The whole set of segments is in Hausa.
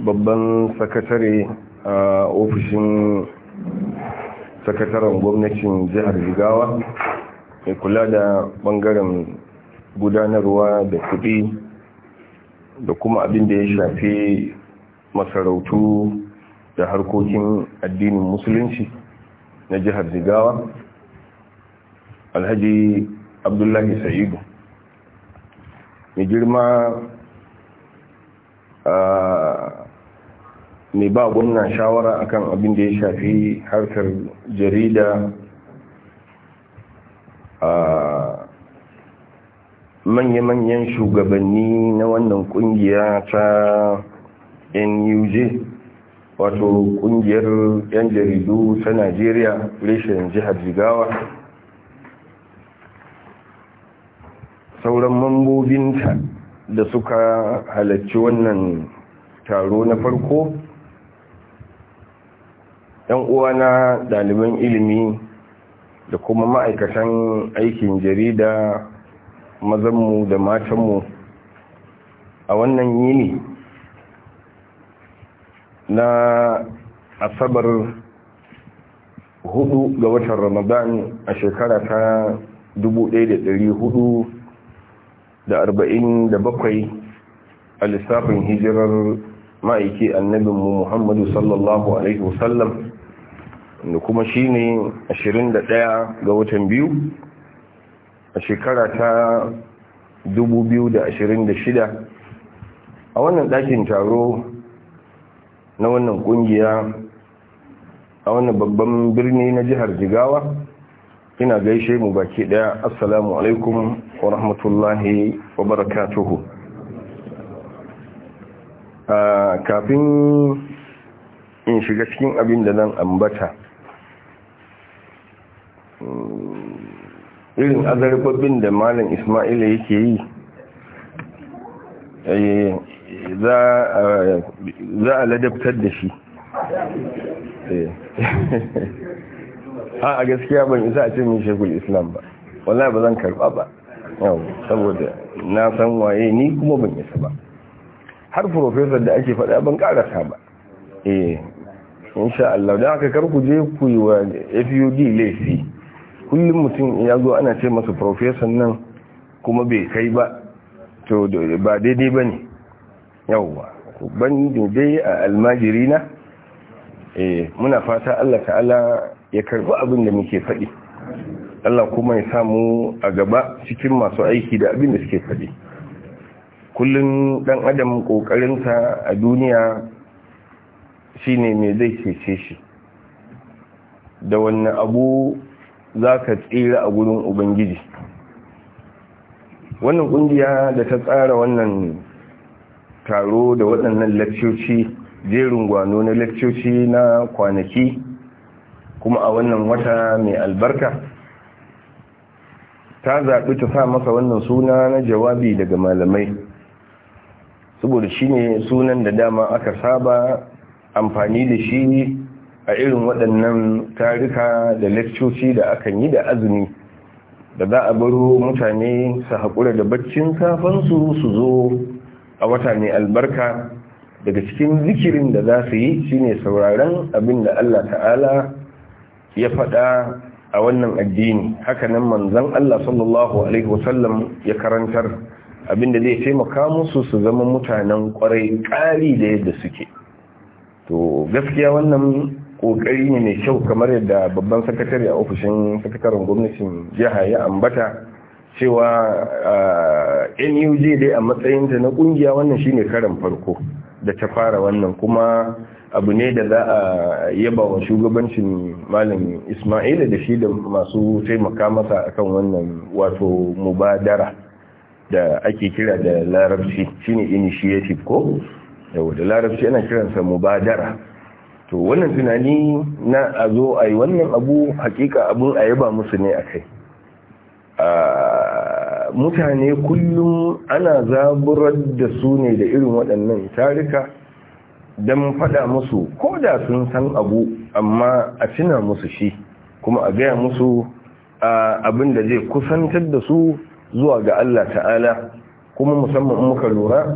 babban sakatare a ofishin sakataren gwamnatin jihar jigawa mai kula da bangaren gudanarwa da kudi da kuma abin da ya shafi masarautu da harkokin addinin musulunci na jihar jigawa alhaji abdullahi sa'idu mai girma mai ba gwamna shawara akan abin da ya shafi harkar jarida a manya-manyan shugabanni na wannan kungiya ta nuj wato kungiyar 'yan jaridu ta najeriya reshen jihar jigawa sauran mambobinta da suka halarci wannan taro na farko yan uwana ɗaliban ilimi da kuma ma'aikatan aikin jarida mazanmu da matanmu a wannan yini na asabar hudu ga watan ramadan a shekara ta 1400 da arba'in da bakwai a lissafin hijirar ma'aiki annabinmu muhammadu sallallahu alaihi wasallam da kuma shi ne ashirin da ɗaya ga watan biyu a shekara ta shida, a wannan ɗakin taro na wannan ƙungiya a wannan babban birni na jihar jigawa ina gaishe mu baki ɗaya assalamu alaikum rahmatullahi wa barakatuhu kafin in shiga cikin abin da zan ambata mm, irin azarbabin da malam ismaila yake yi eh, za a ladabtar da shi eh. a gaskiya ban isa a ce min islam ba wallahi ba zan karba ba yau saboda na san waye ni kuma ban isa ba har professor da ake faɗa ban karasa ba eh insha Allah da aka kar ku je ku yi wa FUD lesi kullum mutum ya zo ana ce masa professor nan kuma bai kai ba to ba daidai bane yawa ban daidai a na eh muna fata Allah ta'ala ya karbi abin da muke faɗi Allah kuma ya samu a gaba cikin masu aiki da abin da suke faɗi kullum ɗan adam ƙoƙarinsa a duniya shine mai zai cece shi da wannan abu za ka tsira a gurin ubangiji wannan ƙungiya da ta tsara wannan taro da waɗannan lakcoci jerin gwano na lakcoci na kwanaki kuma a wannan wata mai albarka ta zaɓi ta sa masa wannan suna na jawabi daga malamai saboda shi ne sunan da dama aka saba amfani da shi a irin waɗannan tarika da lekcoci da akan yi da azumi da za a baro mutane su haƙura da baccin kafansu su zo a wata mai albarka daga cikin zikirin da za su yi shine sauraren abin da Allah ta'ala ya faɗa a wannan addini hakanan manzon Allah sallallahu alaihi wasallam ya karantar abinda zai taimaka musu su zama mutanen kwarai kali da yadda suke to gaskiya wannan kokari ne mai kyau kamar yadda babban sakatare a ofishin sakataren gwamnatin jiha ya ambata cewa ah, nuj dai a matsayinta na kungiya wannan shine karan farko da ta fara wannan kuma abu ne da za a yaba wa shugabancin malam ismaila da shi da masu taimaka masa akan wannan wato mubadara da ake kira da larabci shine initiative ko yau da larabci ana kiransa mubadara to wannan tunani na a zo a yi wannan abu hakika abun a yaba musu ne a kai mutane kullum ana zaburar da su ne da irin waɗannan tarika don faɗa musu ko da sun san abu amma a cina musu shi kuma a gaya musu abin da zai kusantar da su zuwa ga Allah ta'ala kuma musamman in muka lura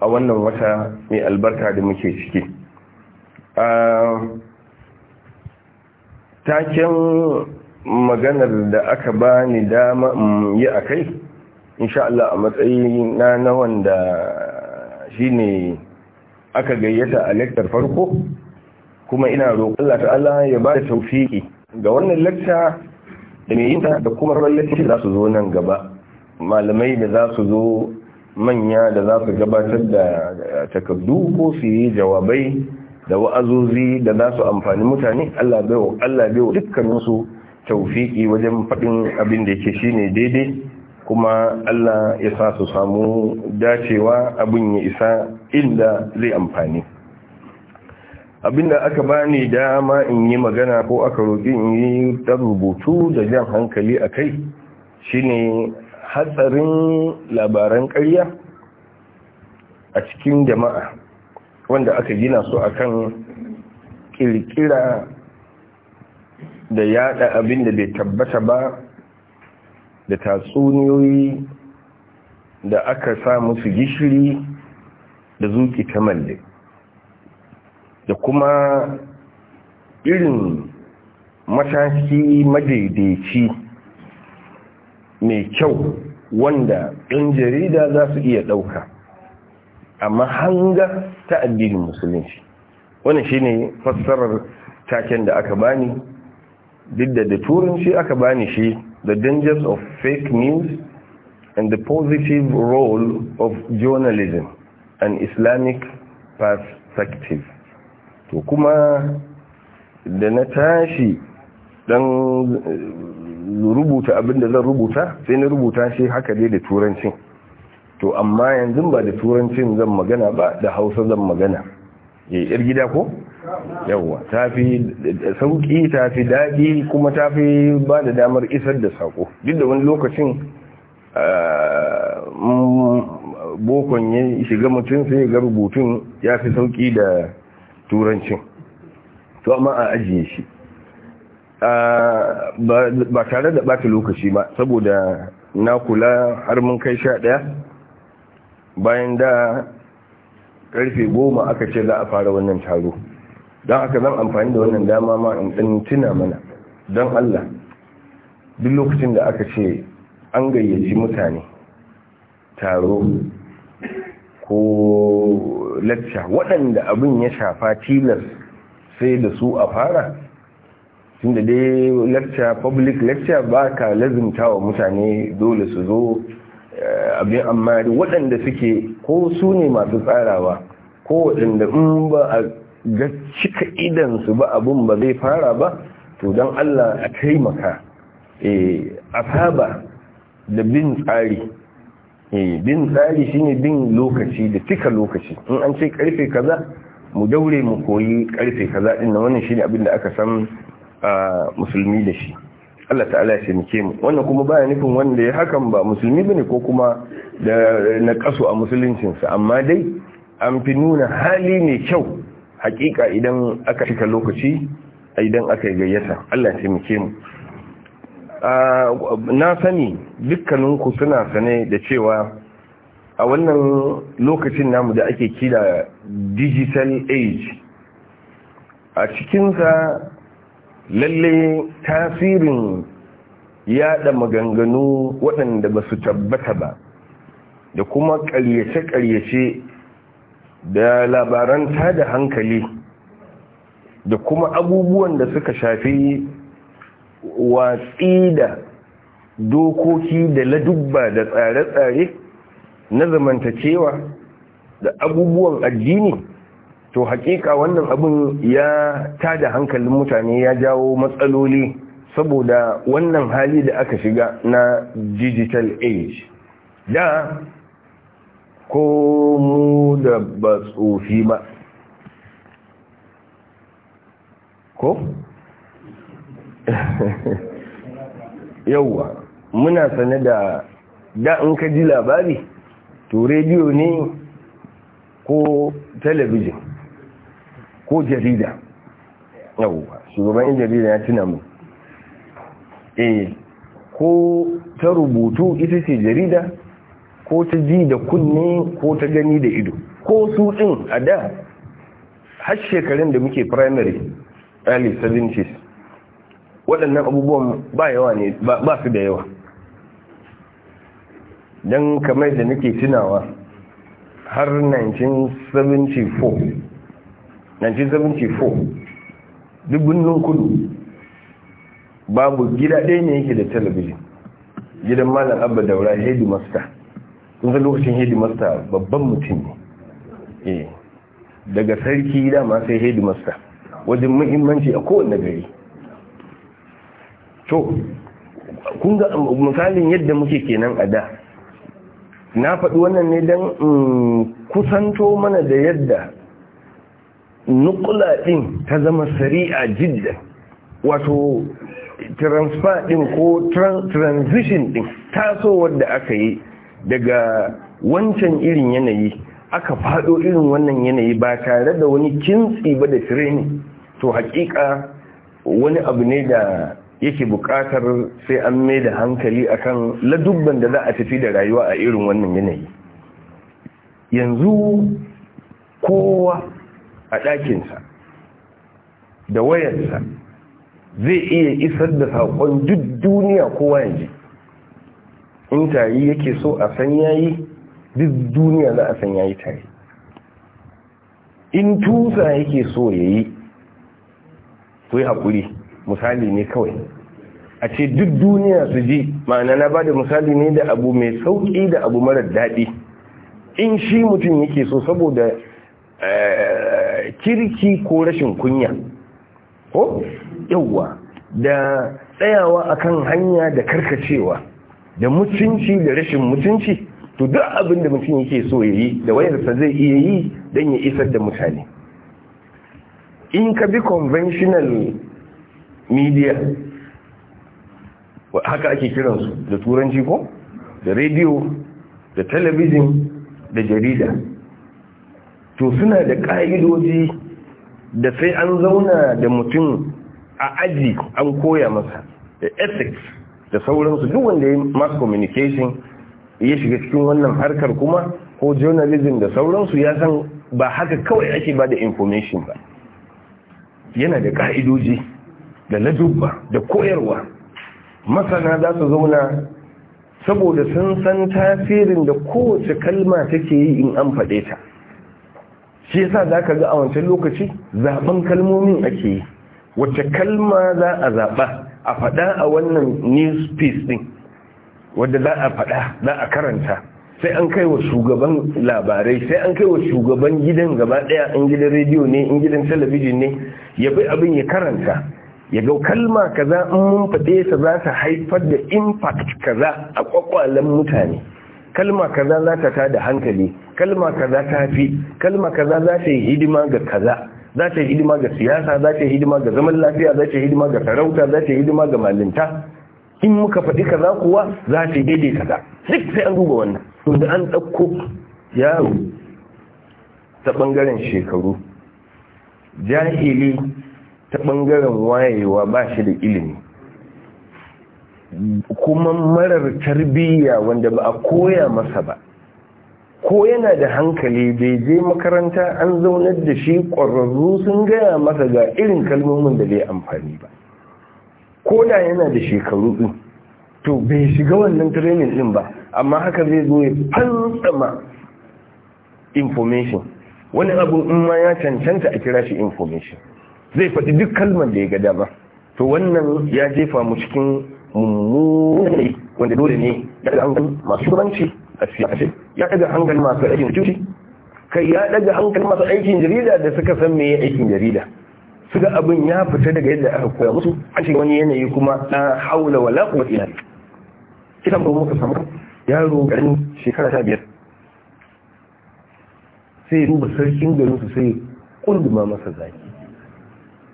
a wannan wata mai albarka da muke ciki taken maganar da aka bani ni dama yi a kai insha Allah a matsayi na na wanda shi ne aka gayyata a lektar farko kuma ina roƙon Allah ta'ala ya ba da taufiki ga wannan lecture da mai yin da kuma ran lecture za su zo nan gaba malamai da za su zo manya da za su gabatar da takardu ko su yi jawabai da wa'azozi da za su amfani mutane Allah bai wa Allah bai wajen faɗin abin da yake shine daidai kuma Allah ya sa su samu dacewa abin ya isa inda zai amfani abinda aka bani dama in yi magana ko aka roƙi in yi rubutu da jan hankali a kai shine hatsarin labaran ƙarya a cikin jama'a wanda aka gina su akan kirkira da yada abinda bai tabbata ba da tatsuniyoyi da aka sa musu gishiri da zuki ta malle da kuma irin mataki madaidaici mai kyau wanda ɗan jarida za su iya ɗauka amma hanga ta addinin musulunci wannan shine fassarar taken da aka bani duk da da turanci aka bani shi the dangers of fake news and the positive role of journalism an islamic perspective to kuma da na tashi dan eh, rubuta abinda zan rubuta sai na rubuta shi haka dai da turancin to amma yanzu ba da turancin zan magana ba da hausa zan magana eh, ya yi gida ko? yawwa ta fi sauƙi ta fi daɗi kuma ta fi ba da damar isar da saƙo duk da wani lokacin eh, bokon ya shiga mutum sai ga rubutun ya fi sauki da turanci, to amma a ajiye shi ba tare da bata lokaci ba saboda na kula har mun kai sha ɗaya bayan da karfe goma aka ce za a fara wannan taro don aka zan amfani da wannan dama ma in tuna mana don allah duk lokacin da aka ce an gayyaci mutane taro ko lacca waɗanda abin ya shafa tilas sai da su a fara tunda dai lacca public lacca ba ka lazimta wa mutane dole su zo eh, abin amma waɗanda suke ko su ne masu tsarawa ko waɗanda in ba a ga cika idansu ba abin ba zai fara ba to don allah a taimaka eh, a saba da bin tsari Eh, bin tsari shine bin lokaci da cika lokaci in an ce karfe kaza mu daure mu koyi karfe kaza din nan wannan shine abin da aka san musulmi da shi Allah ta'ala ya taimake mu wannan kuma baya nufin wanda ya hakan ba musulmi bane ko kuma da na kaso a musuluncin sa amma dai an fi nuna hali mai kyau hakika idan aka cika lokaci idan aka gayyata Allah ya taimake mu na sani dukkaninku suna sane da cewa a wannan lokacin namu da ake kira digital age a cikinsa lalle tasirin yada maganganu waɗanda ba su tabbata ba da kuma ƙaryace-ƙaryace da labaran tada hankali da kuma abubuwan da suka shafi watsi da dokoki da ladubba da tsare-tsare na zamantacewa da abubuwan addini to hakika wannan abin ya tada hankalin mutane ya jawo matsaloli saboda wannan hali da aka shiga na digital age da ko mu da ba tsofi ba ko yauwa muna sane da da in ka ji labari to rediyo ne ko talabijin ko jarida yauwa shugaban jarida ya tuna mu eh ko ta rubutu ita ce jarida ko ta ji da kunne ko ta gani da ido ko su din a da har shekarun da muke primary early 70s waɗannan abubuwan ba yawa ne ba su da yawa don kamar da nake tunawa har 1974 1974 kudu babu gida ɗaya ne yake da talabijin gidan malam abba daura hedimasta sun zai lokacin hedimasta babban mutum ne eh, daga sarki dama sai hedimasta wajen muhimmanci a kowane gari to kun ga misalin yadda muke kenan a da na faɗi wannan ne don mm, kusanto mana da yadda nukula ɗin ta zama sari'a jidda wato transfer ɗin ko transition ɗin tasowar wadda aka yi daga wancan irin yanayi aka faɗo irin wannan yanayi ba tare da wani kintsi ba da training to hakika wani abu ne da yake buƙatar sai an mai da hankali akan ladubban da za a tafi da rayuwa a irin wannan yanayi yanzu kowa a ɗakinsa da wayarsa zai iya isar da saƙon duk duniya kowa yanzu in tari yake so a san yayi duk duniya za a san yayi tari in tusa yake so yayi to yi haƙuri misali ne kawai a ce duk duniya su ji ma'ana na ba da misali ne da abu mai sauƙi da abu mara daɗi in shi mutum yake so saboda eh, kirki ko rashin kunya ko yauwa da tsayawa a kan hanya da karkacewa da mutunci da rashin mutunci to duk abin da mutum yake so ya yi da wayarsa zai iya yi don ya isar da mutane in ka bi conventional media haka ake kiransu da turanci ko da rediyo da talabijin da jarida to suna da ƙa'idoji da sai an zauna da mutum a aji an koya masa da ethics da sauransu duk wanda ya mass communication ya shiga cikin wannan harkar kuma ko journalism da sauransu ya san ba haka kawai ake ba da information ba yana da ƙa'idoji da ladubba da koyarwa masana za su zauna saboda sun san tasirin da kowace kalma take yi in an faɗe ta shi yasa za ka ga a wancan lokaci zaben kalmomin ake yi wacce kalma za a zaɓa a faɗa a wannan news piece ɗin wadda za a faɗa za a karanta sai an kai wa shugaban labarai sai an kai wa shugaban gidan gaba ɗaya in gidan rediyo ne in gidan talabijin ne ya bi abin ya karanta ya ga kalma kaza in mun faɗe sa za ta haifar da impact kaza a kwakwalen mutane kalma kaza za ta tada hankali kalma kaza ta fi kalma kaza za ta yi hidima ga kaza za ta yi hidima ga siyasa za ta yi hidima ga zaman lafiya za ta yi hidima ga sarauta za ta yi hidima ga malinta in muka faɗi kaza kuwa za ta yi daidai kaza duk sai an duba wannan tunda an ɗauko yaro ta ɓangaren shekaru jahili ta ɓangaren wayewa ba shi da ilimi kuma marar tarbiyya wanda ba a koya masa ba ko yana da hankali bai je makaranta an zaunar da shi ƙwararru sun gaya masa ga irin kalmomin da bai amfani ba ko da yana da shekaru ɗin to bai shiga wannan training ɗin ba amma haka zai zo ya fantsama information wani abu in ma ya cancanta a kira shi information zai faɗi duk kalmar da ya ga dama to wannan ya jefa mu cikin mummuni wanda dole ne ya daga hankali masu shugabanci a siyasai ya daga hankali masu aikin cuci kai ya daga hankali masu aikin jarida da suka san me aikin jarida suka abin ya fita daga yadda aka koya musu an shiga wani yanayi kuma na haula wala quwwata ina kitan ba muka samu yaro garin shekara ta biyar sai duba sarkin garin su sai kunduma masa zaki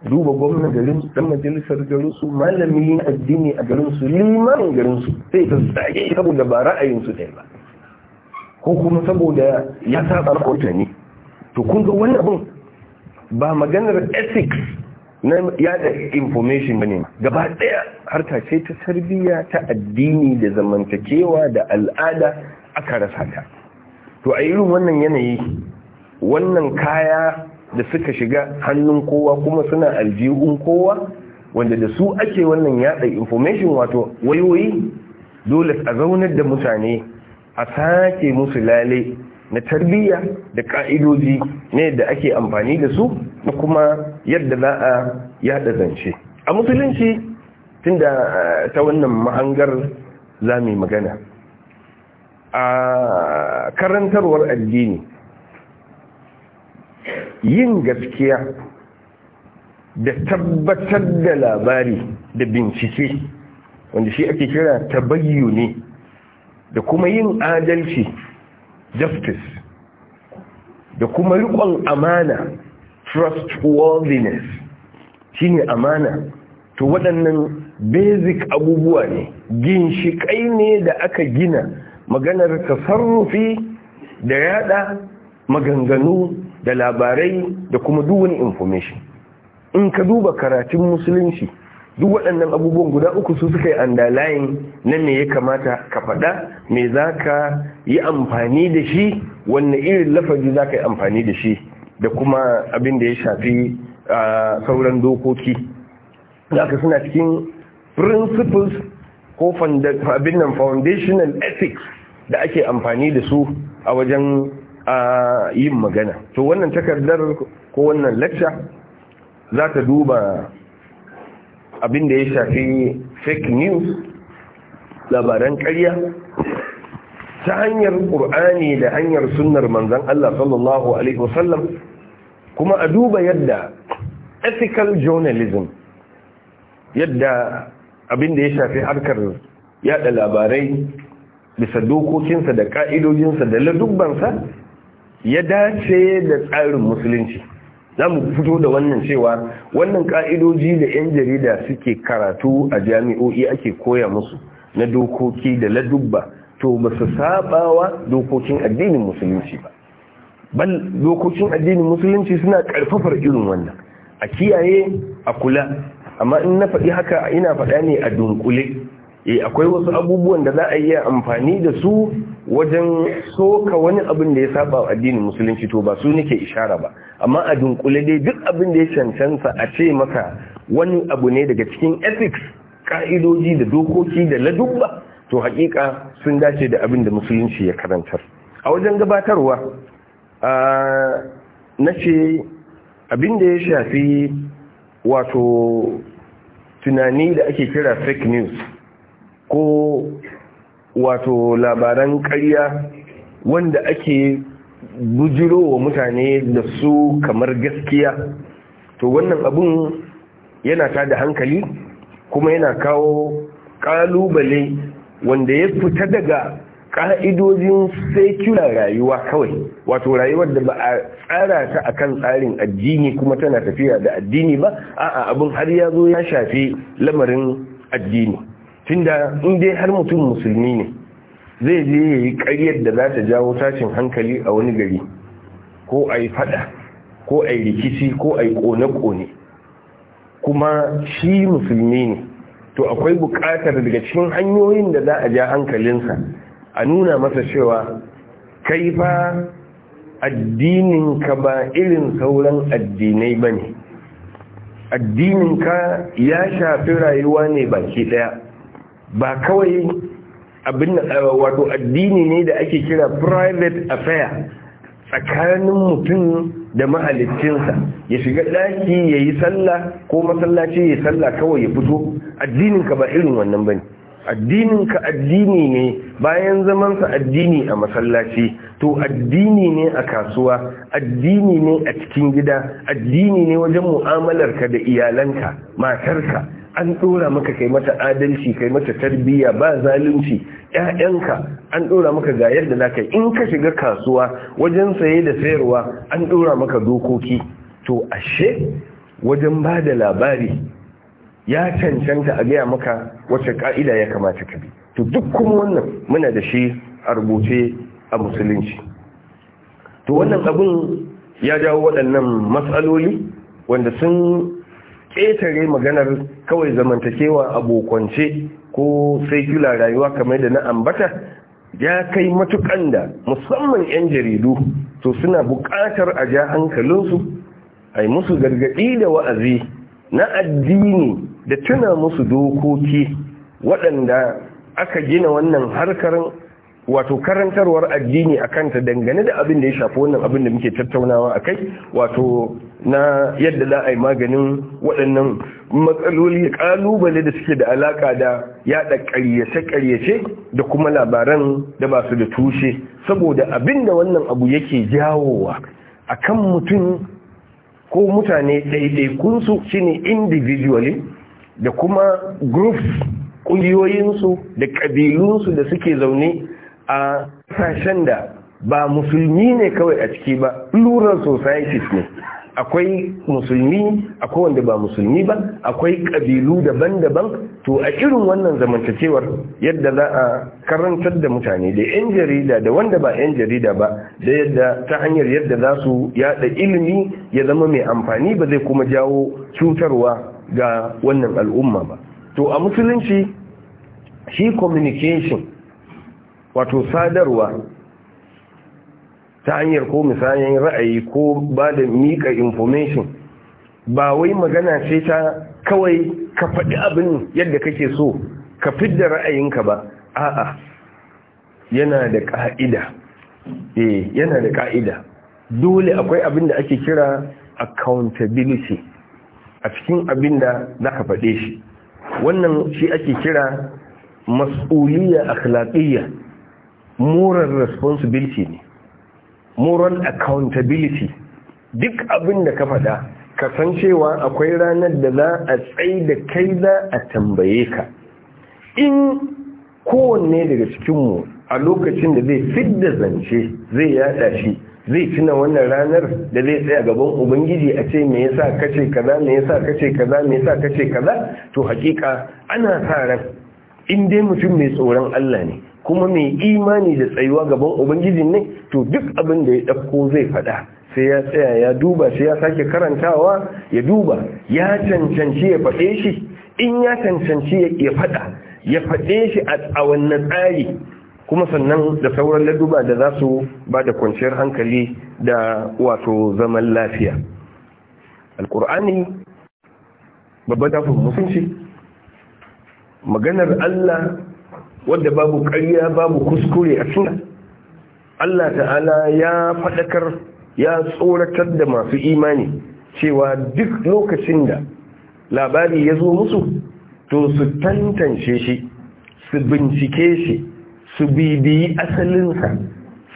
duba gwamna garin su dan majalisar garin su malamin addini a garin su limamin garin su sai ta zage saboda ba ra'ayin su ɗaya ba ko kuma saboda ya saba rahota ne to kun ga wani abun ba maganar ethics na yada information bane gaba daya harka ce ta tarbiyya ta addini da zamantakewa da al'ada aka rasa ta to a irin wannan yanayi wannan kaya da suka shiga hannun kowa kuma suna aljihun kowa wanda da su ake wannan yada information wato wayoyi dole a zaunar da mutane a sake musu lale na tarbiyya da ka'idoji ne da ake amfani da su da kuma yadda za a yada zance a musulunci tunda eh, ta wannan mahangar za mu magana a karantarwar addini yin gaskiya da tabbatar da labari da bincike wanda shi ake kira ta ne, da kuma yin adalci justice da kuma riƙon amana trustworthiness ne amana to waɗannan basic abubuwa ne ginshiƙai ne da aka gina maganar tasarrufi da yada maganganu da labarai da kuma duk wani information in ka duba karatun musulunci duk waɗannan abubuwan guda uku su suka yi andalayin na me ya kamata ka faɗa me za ka yi amfani da shi wanne irin lafazi za ka yi amfani da shi da kuma abin da ya shafi sauran dokoki za ka suna cikin principles ko abin nan foundational ethics da ake amfani da su a wajen a yin magana to wannan takardar ko wannan lecture za ta duba abin da ya shafi fake news labaran karya, ta hanyar ƙur'ani da hanyar sunnar manzan Allah sallallahu Alaihi wasallam kuma a duba yadda ethical journalism yadda abin da ya shafi harkar yada labarai bisa dokokinsa da ƙa'idojinsa da ladubbansa ya dace da tsarin musulunci za mu fito da wannan cewa wannan ka'idoji da 'yan jarida suke karatu a jami'o'i ake koya musu na dokoki da ladubba to ba su sabawa dokokin addinin musulunci ba bal dokokin addinin musulunci suna karfafar irin wannan a kiyaye a kula amma in na faɗi haka ina faɗa ne a dunkule eh akwai wasu abubuwan da za a iya amfani da su wajen soka wani abin da ya saba wa addinin musulunci to ba su nake ishara ba amma a dunkule dai duk abin da ya cancanta a ce maka wani abu ne daga cikin ethics ka'idoji da dokoki da ladubba to hakika sun dace da abin da musulunci ya karantar a wajen gabatarwa na ce abin da ya shafi wato tunani da ake kira fake news ko wato labaran karya wanda ake bujiro wa mutane da su kamar gaskiya to wannan abun yana ta da hankali kuma yana kawo ƙalubale wanda ya fita daga ƙa'idojin secular rayuwa kawai wato rayuwar da ba a tsara ta a kan tsarin addini kuma tana tafiya da addini ba a'a abin har ya zo ya shafi lamarin addini tunda in dai har mutum musulmi ne zai je ya yi ƙaryar da za ta jawo tashin hankali a wani gari ko a yi fada ko a yi rikici ko a yi ƙone-ƙone kuma shi musulmi ne to akwai buƙatar daga cikin hanyoyin da za a ja hankalinsa a nuna masa cewa kai fa addininka ba irin sauran addinai ba ne addininka ya shafi rayuwa ne baki ɗaya ba kawai abin eh, wato addini ne da ake kira private affair tsakanin mutum da mahalicinsa ya shiga ɗaki ya yi sallah ko masallaci ya yi sallah kawai ya fito addininka ba irin wannan ba ne. addininka addini ne bayan zamansa addini a masallaci to addini ne a kasuwa addini ne a cikin gida addini ne wajen mu'amalarka da iyalanka matarka an ɗora maka kai mata adalci kai mata tarbiyya ba zalunci ƴaƴanka an ɗora maka ga yadda zaka in ka shiga kasuwa wajen saye da sayarwa an ɗora maka dokoki to ashe wajen ba da labari ya cancanta a gaya maka wacce ka'ida ya kamata ka bi to duk kuma wannan muna da shi a rubuce a musulunci to wannan abun ya jawo waɗannan matsaloli wanda sun ƙetare maganar kawai zamantakewa abokwance ko sekula rayuwa kamar da na ambata ya kai matukan da musamman 'yan jaridu to suna buƙatar a ja hankalinsu a yi musu gargaɗi da wa'azi na addini da tuna musu dokoki waɗanda aka gina wannan harkar wato karantarwar addini a kanta dangane da abin da ya shafi wannan abin da muke tattaunawa a kai wato na yadda za a yi maganin waɗannan matsaloli ƙalubale da suke da alaƙa da yaɗa ƙaryace-ƙaryace da kuma labaran da ba su da tushe saboda abin da wannan abu yake jawowa a kan mutum ko mutane ɗaiɗaikunsu shine individually da kuma groups ƙungiyoyinsu da ƙabilunsu da suke zaune a sashen da ba musulmi ne kawai a ciki ba plural societies ne akwai musulmi akwai wanda ba musulmi ba akwai ƙabilu daban-daban to a irin wannan zamantakewar yadda za a karantar da mutane da 'yan jarida da wanda ba 'yan jarida ba da yadda ta hanyar yadda za su yada ilimi ya zama mai amfani ba zai kuma jawo cutarwa ga wannan al'umma ba to a musulunci shi communication wato sadarwa ta hanyar ko misalin ra'ayi ko ba da miƙa information ba wai magana ce ta kawai ka faɗi abin yadda kake so ka fidda ra'ayinka ba a'a yana da ƙa'ida e yana da ƙa'ida dole akwai abin da ake kira accountability a cikin abin da za ka faɗe shi wannan shi ake kira mas'uliyya akhlaqiyya moral responsibility ne moral accountability duk abin da ka faɗa ka san cewa akwai ranar da za a tsaye da kai za a tambaye ka in kowanne daga cikinmu a lokacin da zai da zance zai yada shi zai tuna wannan ranar da zai tsaya gaban ubangiji a ce me yasa kace kaza me yasa kace kaza me yasa kace kaza to hakika ana sa ran in dai mutum mai tsoron Allah ne kuma mai imani da tsayuwa gaban ubangiji ne to duk abin da ya ɗauko zai faɗa sai ya tsaya ya duba sai ya sake karantawa ya duba ya cancanci ya faɗe shi in ya cancanci ya faɗa ya faɗe shi a tsawon na tsari kuma sannan da sauran laduba da za su ba da kwanciyar hankali da wato zaman lafiya alkur'ani babban tafin musulunci maganar allah wanda babu ƙarya babu kuskure a suna Allah ta'ala ya faɗakar ya tsoratar da masu imani cewa duk lokacin da labari ya zo musu to su tantance shi su bincike shi su bibiyi asalinsa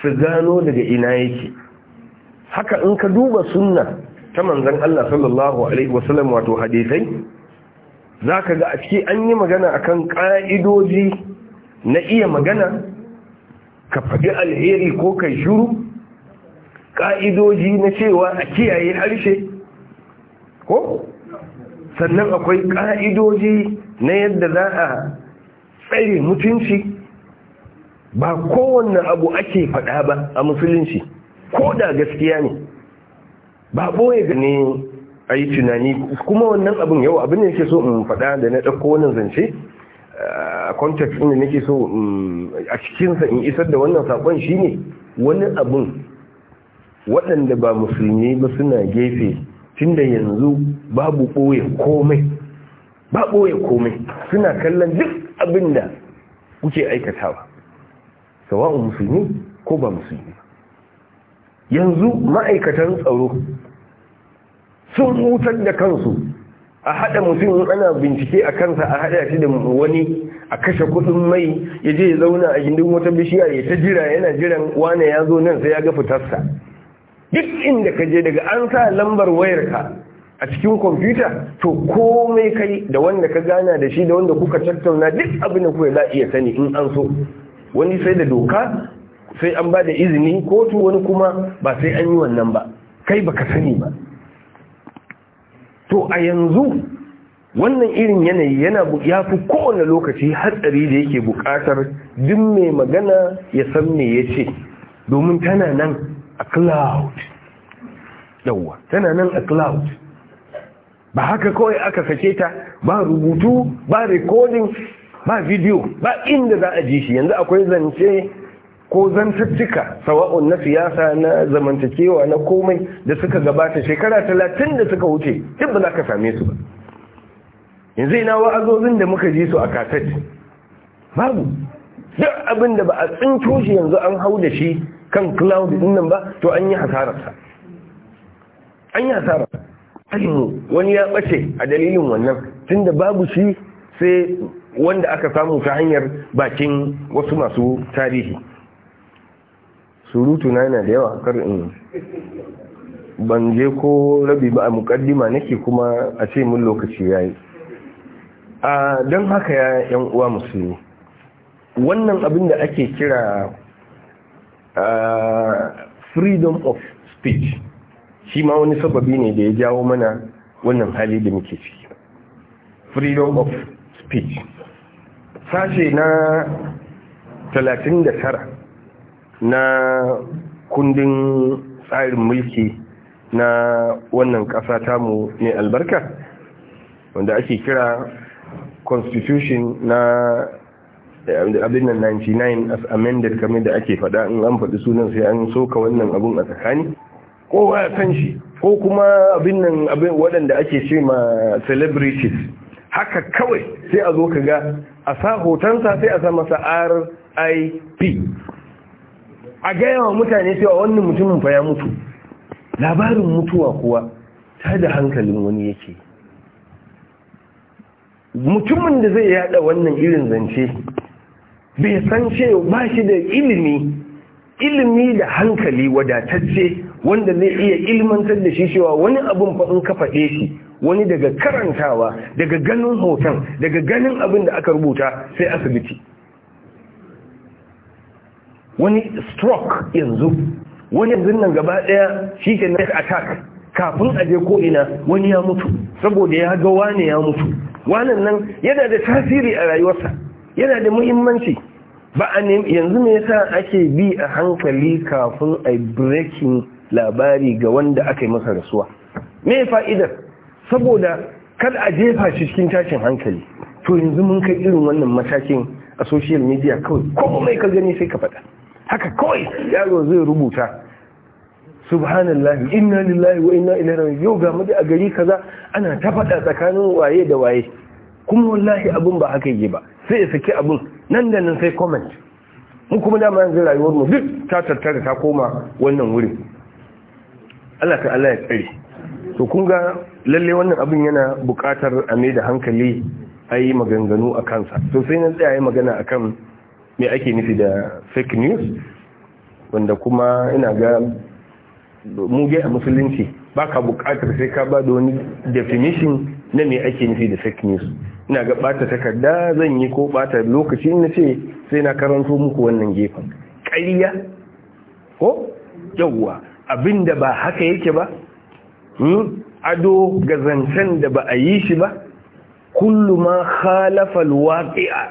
su gano daga ina yake haka in ka duba sunna ta manzan Allah sallallahu Alaihi wasallam wato hadisai za ka ga a ciki an yi magana akan ƙa'idoji na iya magana ka faɗi alheri ko kai shuru ƙa'idoji na cewa a kiyaye harshe ko sannan akwai ƙa'idoji na yadda za a tsare mutunci ba kowanne abu ake faɗa ba a musulunci ko da gaskiya ne ba ɓoye ne a yi tunani kuma wannan abin yau abin da yake so in faɗa da na ɗauko wannan zance context inda da nake so a cikinsa in isar da wannan sakon shine wani abun waɗanda ba musulmi ba suna gefe tunda yanzu babu ɓoye komai ba ɓoye komai suna kallon duk abin da kuke aikatawa sawa'un musulmi ko ba musulmi yanzu ma'aikatan tsaro sun hutar da kansu a haɗa mutum ana bincike a kansa a haɗa shi da wani a kashe kudin mai ya je ya zauna a gindin wata bishiya ya ta jira yana jiran wane ya zo nan sai ya ga fitarsa duk inda ka je daga an sa lambar wayarka a cikin kwamfuta to komai kai da wanda ka gana da shi da wanda kuka tattauna duk abin da kuka za iya sani in an so wani sai da doka sai an ba da izini kotu wani kuma ba sai an yi wannan ba kai baka sani ba to a yanzu wannan irin yanayi yana ya fi kowane lokaci hatsari da yake buƙatar duk mai magana ya san me ya ce domin tana nan a cloud tana nan a cloud ba haka kawai aka sake ta ba rubutu ba recording ba video ba inda za a ji shi yanzu akwai zance ko zantattuka sawa'un na siyasa na zamantakewa na komai da suka gabata shekara talatin da suka wuce duk ba za ka same su ba yanzu ina wa'azozin da muka ji su a kaset babu duk abin da ba a tsinko shi yanzu an hau da shi kan cloud din nan ba to an yi hasararsa an yi hasararsa wani ya bace a dalilin wannan tunda babu shi sai wanda aka samu ta hanyar bakin wasu masu tarihi surutu na yana da yawa kar in ban je ko rabi ba a mukaddima nake kuma a ce mun lokaci yayi don haka ya yan uwa musulmi wannan abin da ake kira freedom of speech shi ma wani sababi ne da ya jawo mana wannan hali da muke ciki freedom of speech sashe na 39 na kundin tsarin mulki na wannan ƙasa tamu ne albarka wanda ake kira constitution na eh, abin nan 99 as amended kamar da ake faɗa in an faɗi sunan sai an soka wannan abun a tsakani ko a san shi ko kuma abin nan waɗanda ake ce ma celebrities haka kawai sai a zo ka ga a sa hotonsa sai a sa masa rip a gayawa mutane mutane cewa wannan mutumin fa ya mutu labarin mutuwa kuwa ta da hankalin wani yake mutumin da zai yada wannan irin zance bai san cewa ba shi da ilimi ilimi da hankali wadatacce wanda zai iya ilmantar da shi cewa wani abin fa in ka faɗe shi wani daga karantawa daga ganin hoton daga ganin abin da aka rubuta sai asibiti wani stroke yanzu wani yanzu nan gaba ɗaya shi ke na attack kafin a je ko'ina wani ya mutu saboda ya ga wane ya mutu wannan nan yana da tasiri a rayuwarsa yana da muhimmanci ba yanzu me yasa ake bi a hankali kafin a breaking labari ga wanda aka yi masa rasuwa me fa'idar saboda kada a jefa shi cikin tashin hankali to yanzu mun kai irin wannan matakin a social media kawai mai ka gani sai ka faɗa haka kawai yaro zai rubuta subhanallah inna lillahi wa inna ilaihi raji'un yau ga muje a gari kaza ana ta fada tsakanin waye da waye kuma wallahi abun ba haka yi ba sai ya saki abun nan da nan sai comment mu kuma dama yanzu rayuwar mu duk ta tattara ta koma wannan wurin Allah ta Allah ya tsare to kun ga lalle wannan abin yana buƙatar a mai da hankali a yi maganganu a kansa to sai na tsaya yi magana akan me ake nufi da fake news wanda kuma ina ga muge a musulunci ba ka bukatar sai ka ba da wani definition na mai ake nufi da fake news ina ga bata takarda zan yi ko bata lokaci na ce sai na karanto muku wannan gefen ƙariya ko yawwa abinda ba haka yake ba hmm? ado ga zancen da ba a yi shi ba kulluma ma khalafa alwaqi'a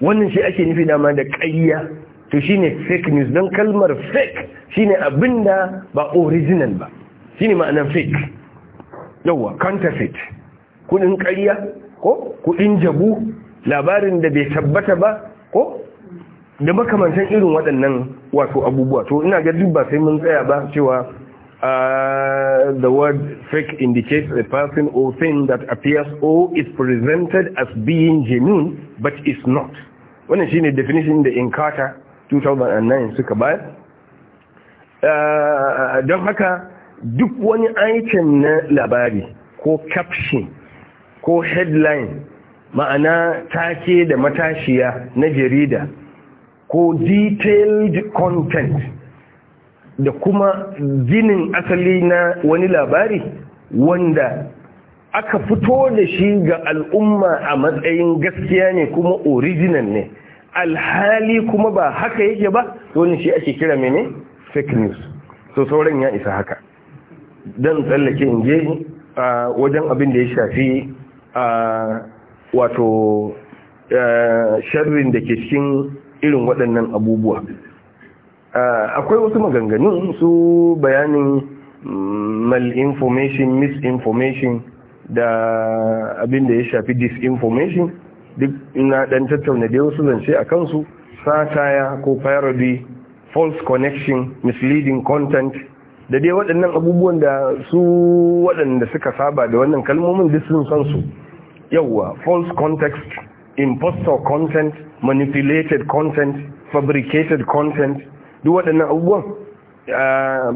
wannan shi ake nufi dama da ƙarya to shi ne fake news don kalmar fake shi shine abinda ba original ba shine ma'anar fake yauwa counterfeit kudin karya ko kudin jabu labarin da bai tabbata ba ko da makamantan irin waɗannan wato abubuwa to ina ga duk ba sai mun tsaya ba cewa ah, the word fake indicates a person or thing that appears or is presented as being genuine but is not. Wannan shine definition da Inkata 2009 suka bayar eh, don haka duk wani aikin na labari ko caption ko headline ma'ana take da matashiya na jarida ko detailed content da kuma ginin asali na wani labari wanda aka fito da shi ga al'umma a matsayin gaskiya ne kuma original ne alhali kuma ba haka yake ba don shi ake kira mene fake news so sauran ya isa haka don tsallake in je wajen abin da ya shafi wato sharrin da ke cikin irin waɗannan abubuwa akwai wasu maganganun su bayanin mm, malinformation misinformation da abin da ya shafi disinformation duk ina dan tattauna da wasu zance a kansu sataya ko parody false connection misleading content da dai waɗannan abubuwan da su waɗanda suka saba da wannan kalmomin duk sun san su yawwa false context impostor content manipulated content fabricated content duk waɗannan abubuwan ah,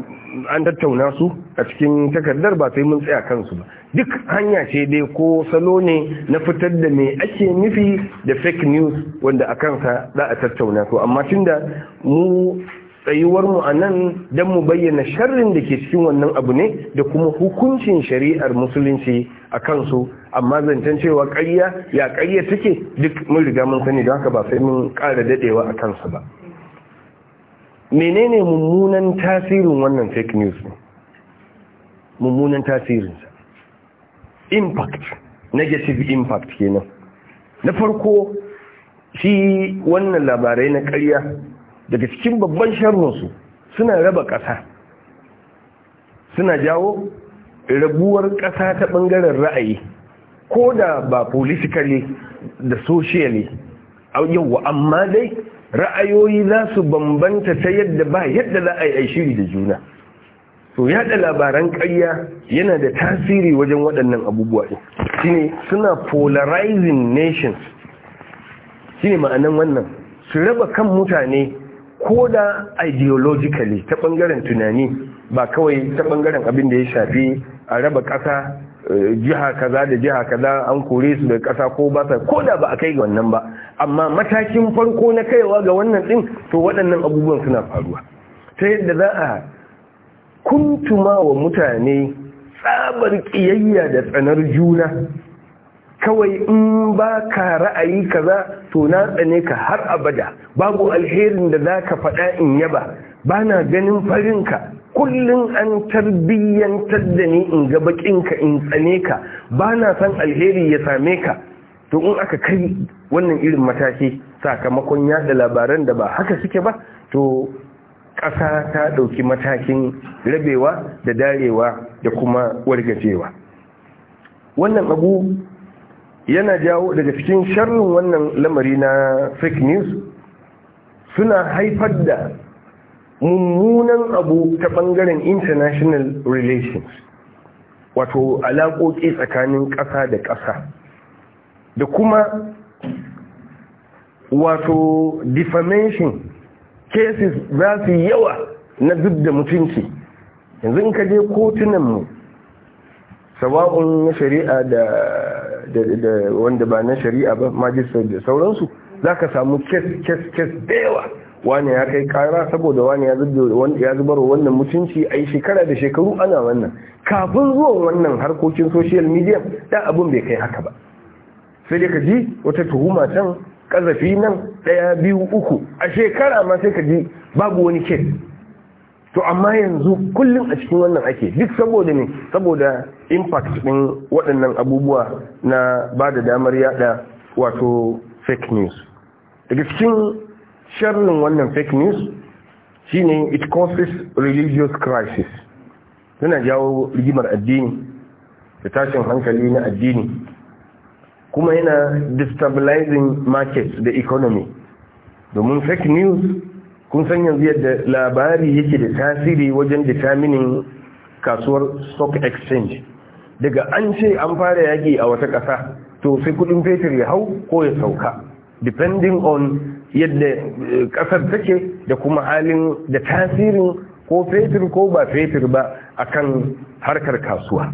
an tattauna su a cikin takardar ba sai mun tsaya kansu ba duk hanya ce dai ko salo ne na fitar da me ake nufi da fake news wanda a kansa za a tattauna to amma tunda mu tsayuwar mu a nan don mu bayyana sharrin da ke cikin wannan abu ne da kuma hukuncin shari'ar musulunci a kansu amma zancen cewa karya ya karya take duk mun riga mun sani don haka ba sai mun ƙara dadewa a kansu ba menene mummunan tasirin wannan fake news mummunan tasirin impact negative impact kenan na farko shi wannan labarai na ƙarya daga cikin babban su suna raba ƙasa suna jawo rabuwar ƙasa ta ɓangaren ra'ayi ko da ba politically da socially yauwa amma dai ra'ayoyi za su bambanta ta yadda ba yadda za a yi shiri da juna to yada labaran ƙarya yana da tasiri wajen waɗannan abubuwa ɗin shine suna polarizing nations shine ma'anan wannan su raba kan mutane ko da ideologically ta ɓangaren tunani ba kawai ta ɓangaren abin da ya shafi a raba ƙasa eh, jiha kaza da jiha kaza an kore su da ƙasa ko ba sa ko da ba a kai ga wannan ba amma matakin farko na kaiwa ga wannan ɗin to waɗannan abubuwan suna faruwa ta yadda za a kuntuma wa mutane tsabar ƙiyayya da tsanar juna kawai in ba ka ra'ayi kaza to na tsane ka har abada babu alherin da za ka faɗa in yaba ba na ganin ka, kullum an tarbiyyantar da ni in ga ka in tsane ka ba na san alheri ya same ka to in aka kai wannan irin matashi, sakamakon yada labaran da ba haka suke ba to ƙasa ta ɗauki matakin rabewa da darewa da kuma wargajewa wannan abu yana jawo daga cikin sharrin wannan lamari na fake news suna haifar da mummunan abu ta ɓangaren international relations wato alaƙoƙi tsakanin ƙasa da ƙasa da kuma wato defamation cases za su yawa na zub da mutunci yanzu in ka je kotunan mu sawa'un na shari'a da wanda ba na shari'a ba majistar da sauransu za ka samu kes-kes-kes da yawa wani ya kai kara saboda wani ya zubar wannan mutunci a yi shekara da shekaru ana wannan kafin zuwan wannan harkokin social media da abin bai kai haka ba sai dai ka ji wata tuhuma can kazafi nan ɗaya biyu uku a shekara ma sai ka ji babu wani kes to amma yanzu kullum a cikin wannan ake duk saboda ne saboda impact ɗin waɗannan abubuwa na ba da damar yada wato fake news daga cikin sharrin wannan fake news shine it causes religious crisis yana jawo rigimar addini da tashin hankali na addini kuma yana destabilizing markets da economy domin fake news kun san yanzu yadda labari yake da tasiri wajen determining kasuwar stock exchange daga an ce an fara yaki a wata ƙasa to sai kudin fetur ya hau ko ya sauka depending on yadda eh, ƙasar take da kuma halin da tasirin ko fetur ko ba fetur ba akan harkar kasuwa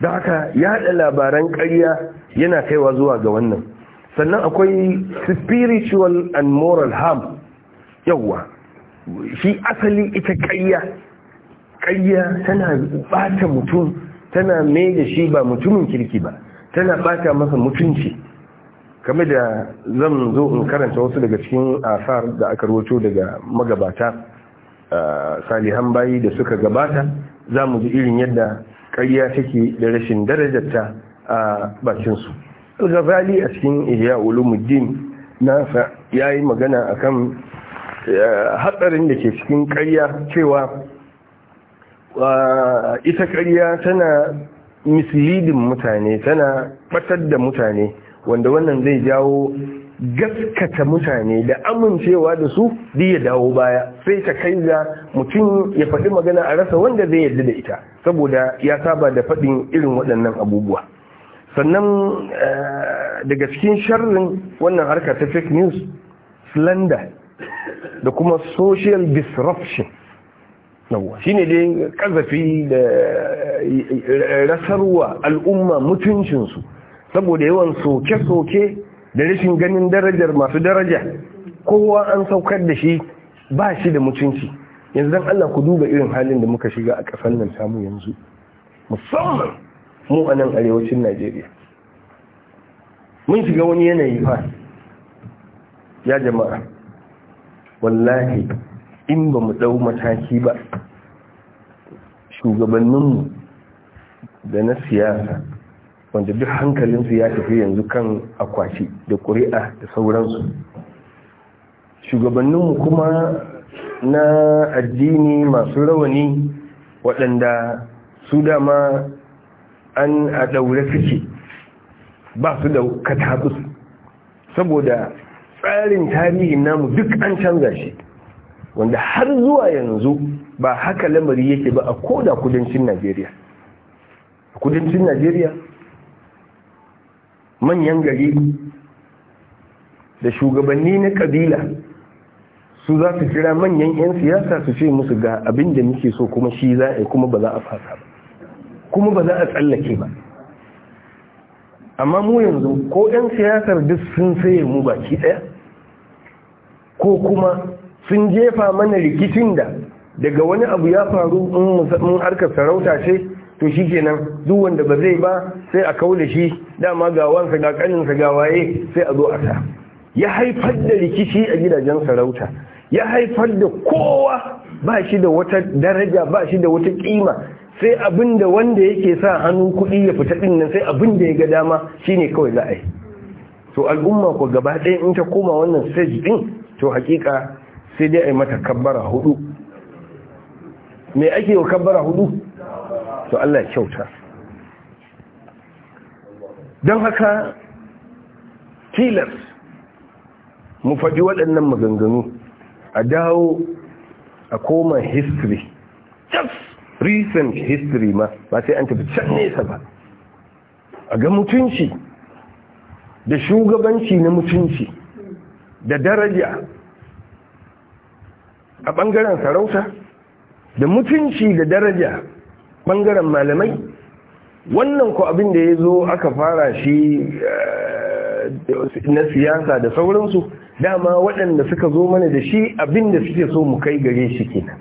da haka yaɗa labaran ƙarya yana kaiwa zuwa ga wannan sannan akwai spiritual and moral harm yawwa shi asali ita ƙarya ƙarya tana bata mutum tana mai da shi ba mutumin kirki ba tana bata masa mutunci kame da zan zo in karanta wasu daga cikin asar da aka rawato daga magabata ah, salihan bayi da suka gabata za mu ji irin yadda ƙarya take da rashin darajarta a bakinsu al-ghazali a cikin ihya ulumuddin nasa yayi magana akan eh, hatsarin da ke cikin ƙarya cewa ita ƙarya tana mislidin mutane tana batar da mutane wanda wannan zai jawo gaskata mutane da amincewa da su da dawo baya sai ta kai da mutum ya faɗi magana a rasa wanda zai yarda da ita saboda ya saba da faɗin irin waɗannan abubuwa sannan eh, daga cikin sharrin wannan harka ta fake news slander da kuma social disruption shi ne dai ƙazafi da eh, rasarwa al'umma mutuncinsu saboda yawan soke-soke da rashin ganin darajar masu daraja kowa an saukar da shi ba shi da mutunci yanzu Allah ku duba irin halin da muka shiga a kasar nan samu yanzu musamman mu a nan arewacin Najeriya mun shiga wani yanayi fa ya jama'a wallahi in ba mu dau mataki ba shugabanninmu da na siyasa wanda duk hankalin su ya tafi yanzu kan akwati da ƙuri'a da sauransu shugabanninmu kuma na addini masu rawani waɗanda su dama an a ɗaure suke ba su da katakus saboda tsarin tarihin namu duk an canza shi wanda har zuwa yanzu ba haka lamari yake ba a koda kudancin najeriya A kudancin najeriya manyan gari da shugabanni na kabila su za su kira manyan 'yan siyasa su ce musu ga abin da muke so kuma shi za a kuma ba za a fasa ba kuma ba za a tsallake ba amma mu yanzu ko 'yan siyasar duk sun saye mu baki ɗaya ko kuma sun jefa mana rikicin da daga wani abu ya faru in harkar sarauta ce to shi kenan duk wanda ba zai ba sai a kaula shi dama ga wansa ga kaninsa ga sai a zo a sa ya haifar da rikici a gidajen sarauta ya haifar da kowa ba shi da wata daraja ba shi da wata kima sai abin da wanda yake sa hannu kudi ya fita din nan sai abin da ya ga dama shine kawai za a yi to al'umma ko gaba ɗaya in ta koma wannan stage din to hakika sai dai a yi mata kabbara hudu me ake wa kabbara hudu to Allah ya kyauta don haka tilas mu faɗi waɗannan maganganu a dawo a koma history just recent history ma ba sai an tafi can nesa ba a ga mutunci da shugabanci na mutunci da daraja a bangaren sarauta da mutunci da daraja bangaren malamai wannan ku abin da ya zo aka fara shi eh, na siyasa da sauransu dama waɗanda suka zo mana da shi abinda suke so mu kai gare shi kenan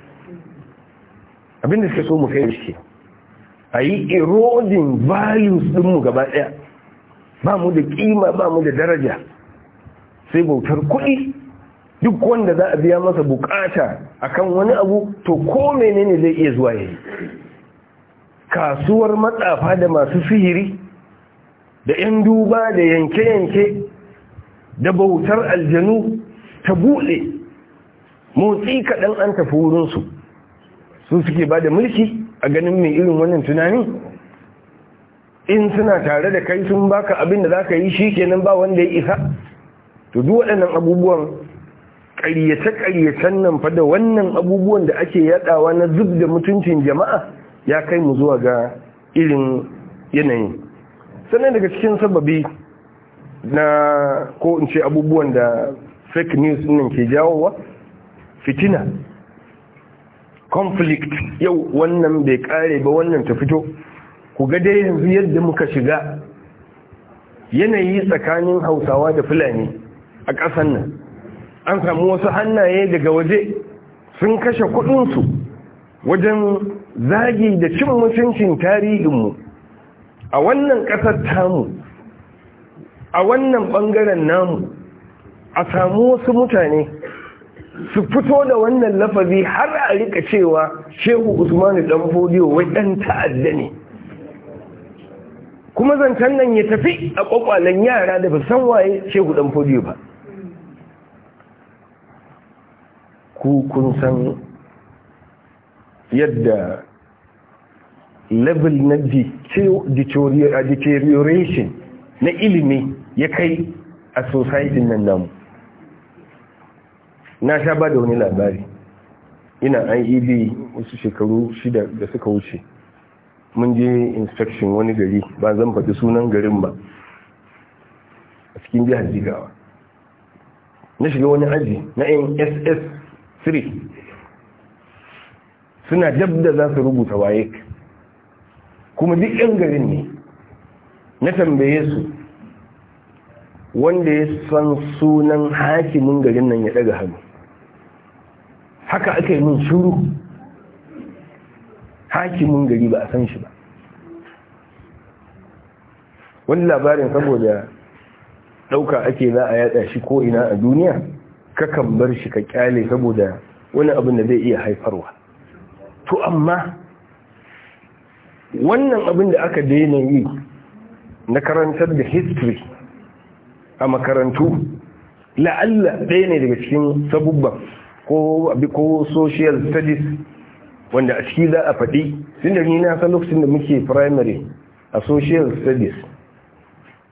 abinda suke so mu kai shi a yi eroding values ɗinmu gaba ɗaya ba mu da ƙima ba mu da daraja sai bautar kuɗi duk wanda za a biya masa bukata akan wani abu to ko menene zai iya zuwa yi kasuwar matsafa da masu sihiri da 'yan duba da yanke-yanke da bautar aljanu ta buɗe motsi kaɗan an tafi wurinsu su suke ba da mulki a ganin mai irin wannan tunani in suna tare da kai sun baka abin da za ka yi shi kenan ba wanda ya isa to duk waɗannan abubuwan ƙaryace-ƙaryacen nan fa da wannan abubuwan da ake yaɗawa na zub da mutuncin jama'a ya kai mu zuwa ga irin yanayi? sannan daga cikin sababi na ko in ce abubuwan da fake news nan ke jawowa fitina conflict yau wannan bai kare ba wannan ta fito ku ga dai yanzu yadda muka shiga yanayi tsakanin hausawa da fulani a ƙasan nan an samu wasu hannaye daga waje sun kashe kudinsu wajen zagi da cin mutuncin tarihinmu a wannan ƙasar tamu a wannan ɓangaren namu a samu wasu mutane su fito da wannan lafazi har a rika cewa shehu usmanu dan fodiyo wai dan ta'adda ne kuma zancen nan ya tafi a kwakwalen yara da ba san waye shehu dan fodiyo ba ku kun san yadda level na deterioration na ilimi ya kai a sosaitin nan namu na sha ba da wani labari ina an bi e wasu shekaru shida da suka wuce mun je inspection wani gari ba zan faɗi sunan garin ba a cikin jihar jigawa na shiga wani aji na nss 3 suna jab da za su rubuta waye kuma duk 'yan garin ne na tambaye su wanda ya san sunan hakimin garin nan ya daga hannu haka aka yi min shuru hakimin gari ba a san shi ba wani labarin saboda ɗauka ake za a yatsa shi ko ina a duniya kakan bar shi ka kyale saboda wani abin da zai iya haifarwa to amma wannan abin da aka daina yi na karantar da history a makarantu la'alla ɗaya ne daga cikin sabubba ko ko social studies wanda a ciki za a faɗi tunda ni na san lokacin da muke primary a social studies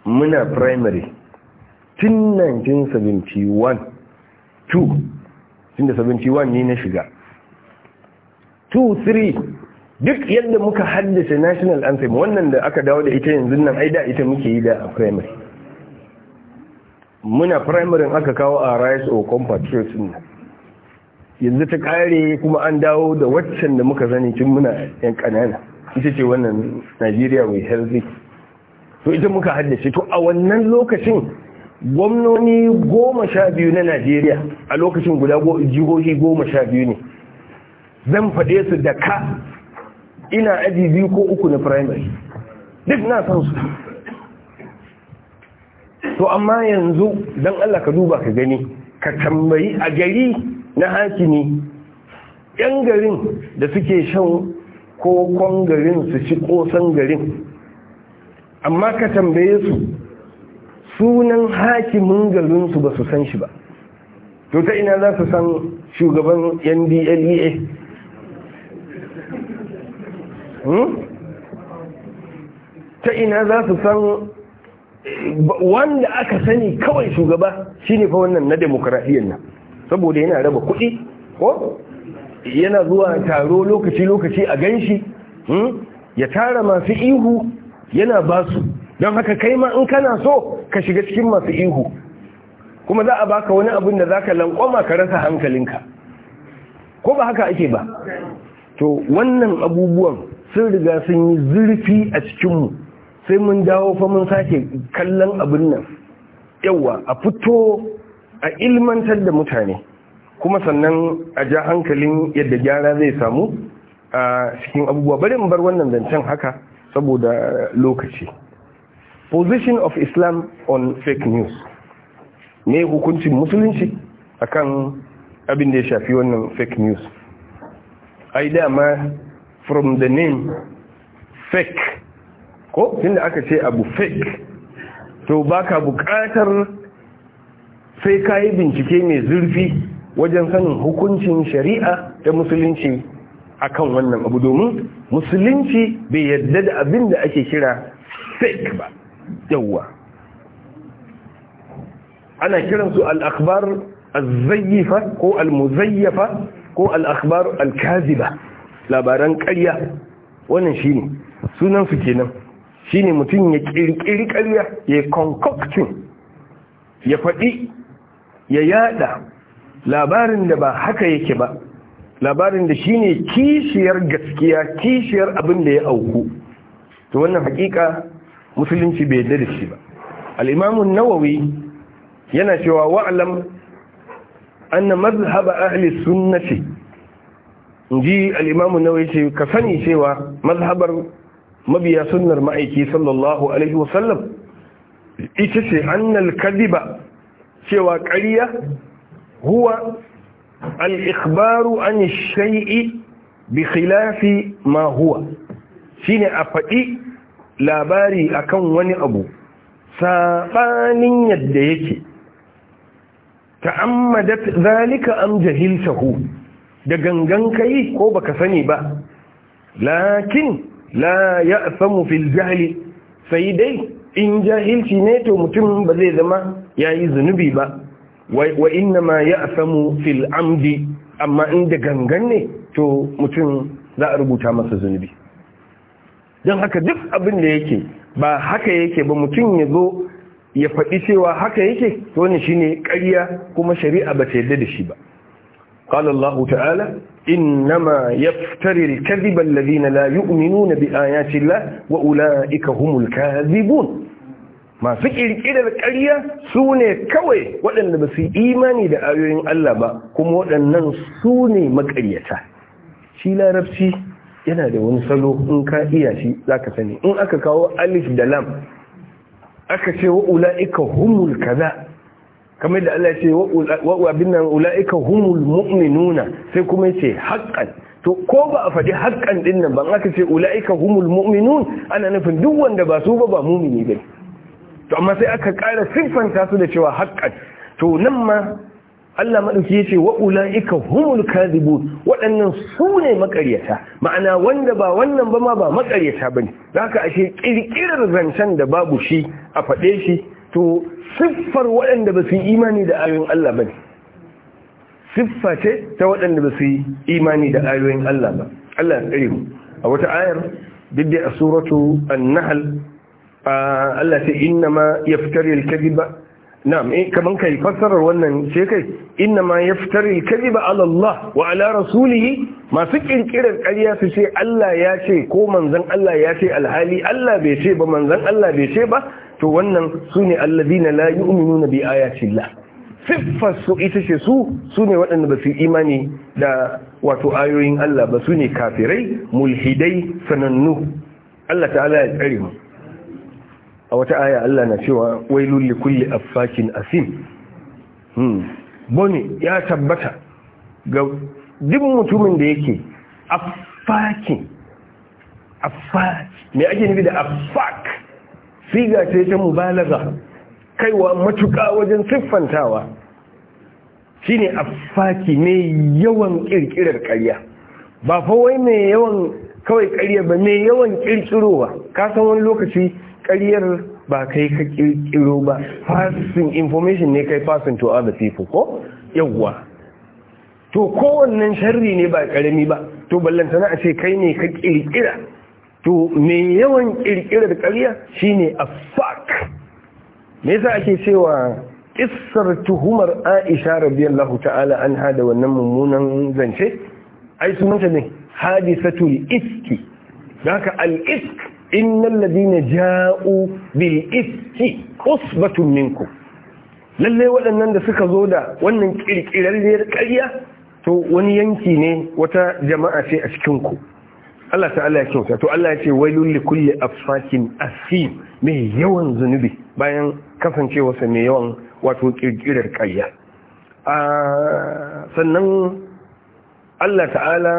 muna primary tun 1971 2 tun da 71 ne na shiga 2-3 duk yadda muka haddace national anthem wannan da aka dawo da ita yanzu nan aida ita muke yi da a primary muna primary aka kawo a rice or compatriots yanzu ta kare kuma an dawo da waccan da muka sani tun muna yan kanana ita ce wannan Najeriya mai healthy to ita muka haddace to a wannan lokacin gwamnoni goma sha biyu na Najeriya a lokacin guda jihohi goma sha biyu ne zan faɗe su da ka ina aji biyu ko uku na primary duk na san su to amma yanzu don Allah ka duba ka gani ka tambayi a gari na hakimi yan garin da suke shan kokon garin su ci kosan garin amma ka tambaye su sunan hakimin garinsu ba su san shi ba to ta ina za su san shugaban ndlea hmm? ta ina za su san wanda aka sani kawai shugaba shine fa wannan na demokradiyyar nan saboda yana raba kuɗi ko yana zuwa taro lokaci-lokaci a ganshi hmm? ya tara masu ihu yana basu don haka kai ma in kana so ka shiga cikin masu ihu kuma za a baka wani abin da za zaka lankwama ka rasa hankalinka ko ba haka ake ba to wannan abubuwan sun riga sun yi zurfi a cikinmu sai mun dawo fa mun sake kallon abin nan yawa a fito a ilmantar da mutane kuma sannan a ja hankalin yadda gyara zai samu a cikin abubuwa bari mu bar wannan zancen haka saboda lokaci position of islam on fake news ne hukuncin musulunci akan abin da ya shafi wannan fake news ai dama from the name fake ko tunda aka ce abu fake to baka buƙatar sai kayi bincike mai zurfi wajen sanin hukuncin shari'a ta musulunci akan wannan abu domin musulunci bai yarda da abin da ake kira fake ba yawwa ana kiran su al'akbar az-zayyifa ko almuzayyafa muzayyafa ko al alkaziba labaran ƙarya wannan shine sunan su kenan Shi ne mutum ya kirkiri ƙarya ya concocting ya faɗi ya yada labarin da ba haka yake ba labarin da shi ne kishiyar gaskiya kishiyar abin da ya auku to wannan hakika musulunci bai yarda da shi ba al'imamun nawawi yana cewa wa'lam anna madhhab ahli sunnati inji al-imam nawawi ce ka sani cewa mazhabar mabiya sunnar ma'aiki sallallahu alaihi wasallam ita ce annal kadiba cewa karya, huwa al-ikhbaru an shai'i bi khilafi ma huwa shine a faɗi labari akan wani abu saɓanin yadda yake ta'ammadat zalika am jahiltahu da gangan kai ko baka sani ba lakin la samu fil jahili sai dai in jahilci ne to mutum ba zai zama ya yi zunubi ba wa inna ma ya samu fil amdi amma inda gangan ne to mutum za a rubuta masa zunubi don haka duk abin da yake ba haka yake ba mutum ya zo ya faɗi cewa haka yake wani shine ƙarya kuma shari'a ba ta yadda da shi ba qala Allah ta'ala إنما يفتر الكذب الذين لا يؤمنون بآيات الله وأولئك هم الكاذبون ما فكر إلى الكرية سوني كوي ولن بسي إيماني دا آيوين الله با كم ولن سوني مكريتا شيلا ربسي yana da wani salo in ka iya shi zaka sani in aka kawo alif da lam aka ce wa ula'ika humul kaza kamar da Allah ce wa abin nan ula'ika humul mu'minuna sai kuma ce haƙƙan to ko ba a faɗi haƙƙan ɗin nan ban aka ce ula'ika humul mu'minun ana nufin duk wanda ba su ba ba mumini ba to amma sai aka ƙara siffanta su da cewa haƙƙan to nan ma Allah maɗauki ya ce wa ula'ika humul kadibun waɗannan su ne makaryata ma'ana wanda ba wannan ba ma ba makaryata ba ne za ka ashe ƙirƙirar zancen da babu shi a faɗe shi to siffar waɗanda ba su yi imani da ayoyin Allah ba ne siffa ce ta waɗanda ba su yi imani da ayoyin Allah ba Allah ya tsare mu a wata ayar diddi a suratu an-nahl Allah ce innama yaftari al-kadhiba na'am eh kaman kai fassarar wannan ce kai innama yaftari al-kadhiba ala Allah wa ala rasulihi masu kirkirar ƙarya su ce Allah ya ce ko manzon Allah ya ce alhali Allah bai ce ba manzon Allah bai ce ba to wannan su ne allazina la nuna bi ayatillah siffar su ita ce su su ne waɗanda ba su imani da wato ayoyin Allah ba su ne kafirai mulhidai sanannu Allah ta'ala ya tsare mu a wata aya Allah na cewa wailul likulli affakin asim hmm ya tabbata ga duk mutumin da yake affakin affak me ake nufi da affak siga ce ta mubalaga kaiwa matuƙa wajen siffantawa Shi shine faki ne yawan ƙirƙirar ƙarya ba fa mai yawan kawai ƙarya ba mai yawan kirkirowa kasan wani lokaci ƙaryar ba kai ka kirkiro ba passing information ne kai passing to other people ko yawwa to kowannan sharri ne ba ƙarami ba to ballantana a ce kai ne ka ƙirƙira. to me yawan ƙirƙirar ƙarya shine afak me yasa ake cewa kissar tuhumar Aisha radiyallahu ta'ala anha da wannan mummunan zance ai sunanta ne hadisatul iski haka al-isk innal ladina ja'u bil iski usbatun minkum lalle waɗannan da suka zo da wannan kirkirarriyar ƙarya to wani yanki ne wata jama'a ce a cikin ku Allah ta'ala ya kyauta to Allah ya ce wailul likulli afsakin asi mai yawan zunubi bayan kasancewarsa mai yawan wato kirkirar ƙarya sannan Allah ta'ala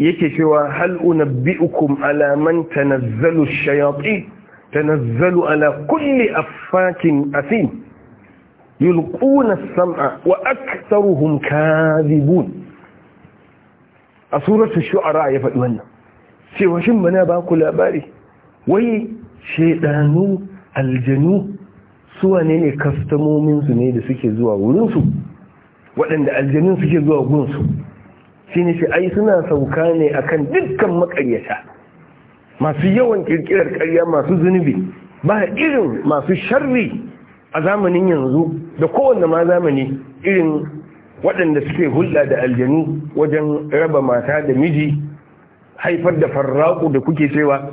yake cewa hal unabbi'ukum ala man tanazzalu shayatin tanazzalu ala kulli affakin asim yulquna as-sam'a wa aktharuhum kadhibun a suratul shu'ara ya faɗi wannan cewa shi bana ba ku labari wai shaidanu aljanu su ne ne kastamominsu ne da suke zuwa wurinsu waɗanda aljanun suke zuwa gunsu shi ne shi ai suna sauka ne akan dukkan makaryata masu yawan kirkirar karya masu zunubi ba irin masu sharri a zamanin yanzu da kowanne ma zamani irin waɗanda suke hulɗa da aljanu wajen raba mata da miji haifar da farraƙu da kuke cewa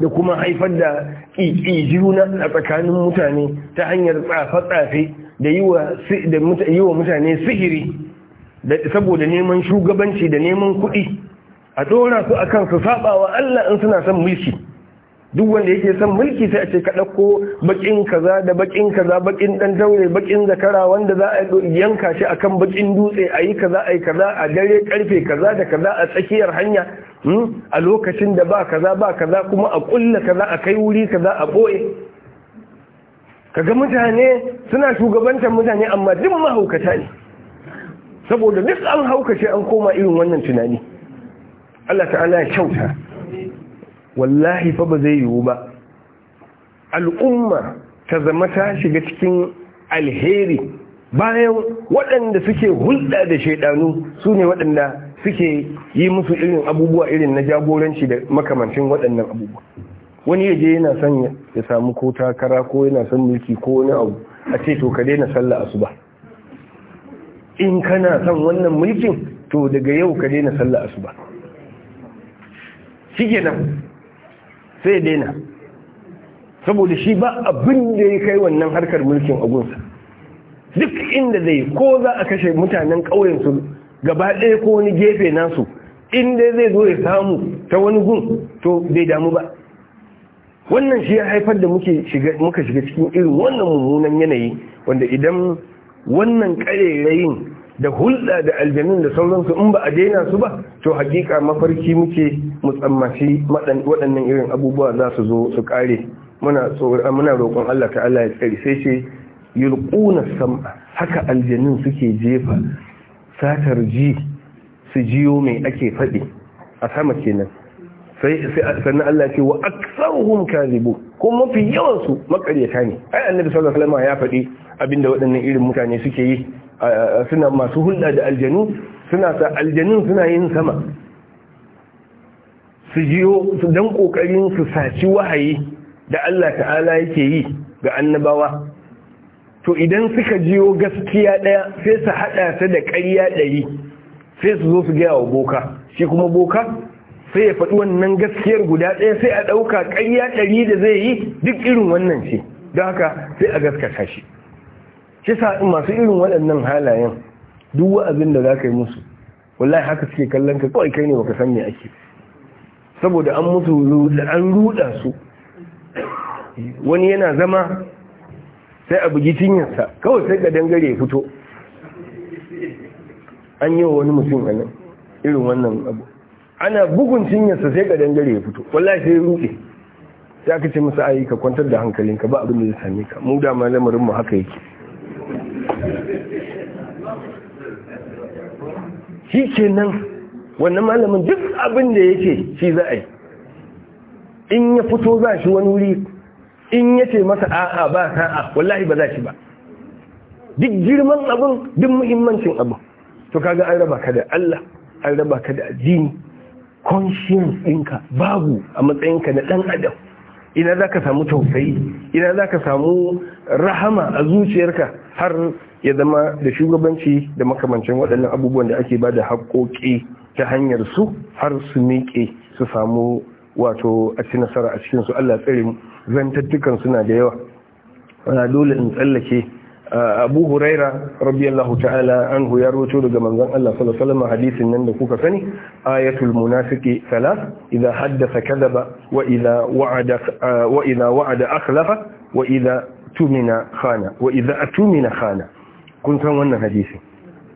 da kuma haifar da ƙiƙi juna a tsakanin mutane ta hanyar tsafe-tsafe da yi wa mutane sihiri saboda neman shugabanci da neman kuɗi a ɗora su kan su saba Allah in suna son mulki duk wanda yake son mulki sai a ce ka ɗauko bakin kaza da baƙin kaza baƙin ɗan daure bakin zakara wanda za a yanka shi akan baƙin dutse a yi kaza a yi kaza a dare karfe kaza da kaza a tsakiyar hanya hmm, a lokacin da ba kaza ba kaza kuma a ƙulla kaza a kai wuri kaza a boye kaga mutane suna shugabantar mutane amma duk mahaukata ne saboda duk an haukace an koma irin wannan tunani Allah ta'ala ya kyauta wallahi fa ba zai yiwu ba al'umma ta zama ta shiga cikin alheri bayan waɗanda suke hulɗa da shaidanu su ne waɗanda suke yi musu irin abubuwa irin na jagoranci da makamancin waɗannan abubuwa wani ya je yana son ya samu ko takara ko yana son mulki ko wani abu a ce to ka daina sallah asuba in kana son wannan mulkin to daga yau ka daina sallah asuba nan. sai daina saboda shi ba abin da ya kai wannan harkar mulkin agunsa duk inda zai ko za a kashe mutanen ƙauyensu gaba ɗaya ko wani gefe nasu inda zai zo ya samu ta wani gun to bai damu ba wannan shi ya haifar da muka shiga cikin irin wannan mummunan yanayi wanda idan wannan ƙarerayin da hulɗa da aljanun da sauransu in ba a daina su ba to hakika mafarki muke mutsammaci waɗannan irin abubuwa za su zo su ƙare muna roƙon Allah ta'ala ya tsari sai ce yulquna sam'a haka aljanun suke jefa satar ji su jiyo mai ake faɗi a sama kenan sai sannan Allah ce wa aksaruhum kadhibu kuma mafi yawan su ne ai annabi sallallahu alaihi wasallam ya faɗi abinda waɗannan irin mutane suke yi suna masu hulɗa da aljanu suna sa aljanun suna yin sama su jiyo su dan kokarin su saci wahayi da Allah ta'ala yake yi ga annabawa to idan suka jiyo gaskiya daya sai su hada ta da ƙarya ɗari sai su zo su gaya wa boka shi kuma boka sai ya faɗi wannan gaskiyar guda ɗaya sai a ɗauka ƙarya ɗari da zai yi duk irin wannan ce don haka sai a gaskata shi shi sa masu irin waɗannan halayen duk wa'azin da za ka yi musu wallahi haka suke kallon ka kawai kai ne baka san me ake saboda an musu an ruda su wani yana zama sai a bugi cinyarsa kawai sai ga dangare ya fito an yi wa wani mutum a nan irin wannan abu ana bugun cinyarsa sai ga dangare ya fito wallahi sai ruɗe sai aka ce masa ayi ka kwantar da hankalinka ba abin da zai same ka mu da malamin mu haka yake shi ke nan wannan malamin duk abin da yake shi za a yi in ya fito za shi wani wuri in ya ce masa a'a ba sa'a wallahi ba za shi ba duk girman abin duk muhimmancin abin to kaga an raba ka da Allah an raba ka da addini conscience ɗinka babu a matsayinka na ɗan adam ina za ka samu tausayi ina za ka samu rahama a zuciyarka har ya zama da shugabanci da makamancin waɗannan abubuwan da ake ba da haƙoƙi ta hanyar su har su miƙe su samu wato a ci nasara a cikinsu allah tsare zan zantattukan suna da yawa dole in tsallake abu huraira rabiyallahu ta'ala an ya roto daga manzon Allah salasalama hadisin nan da kuka sani ayatul munafiki salas idan haddasa kadaba wa idza wa'ada akhlafa wa tumina khana khana kun san wannan hadisin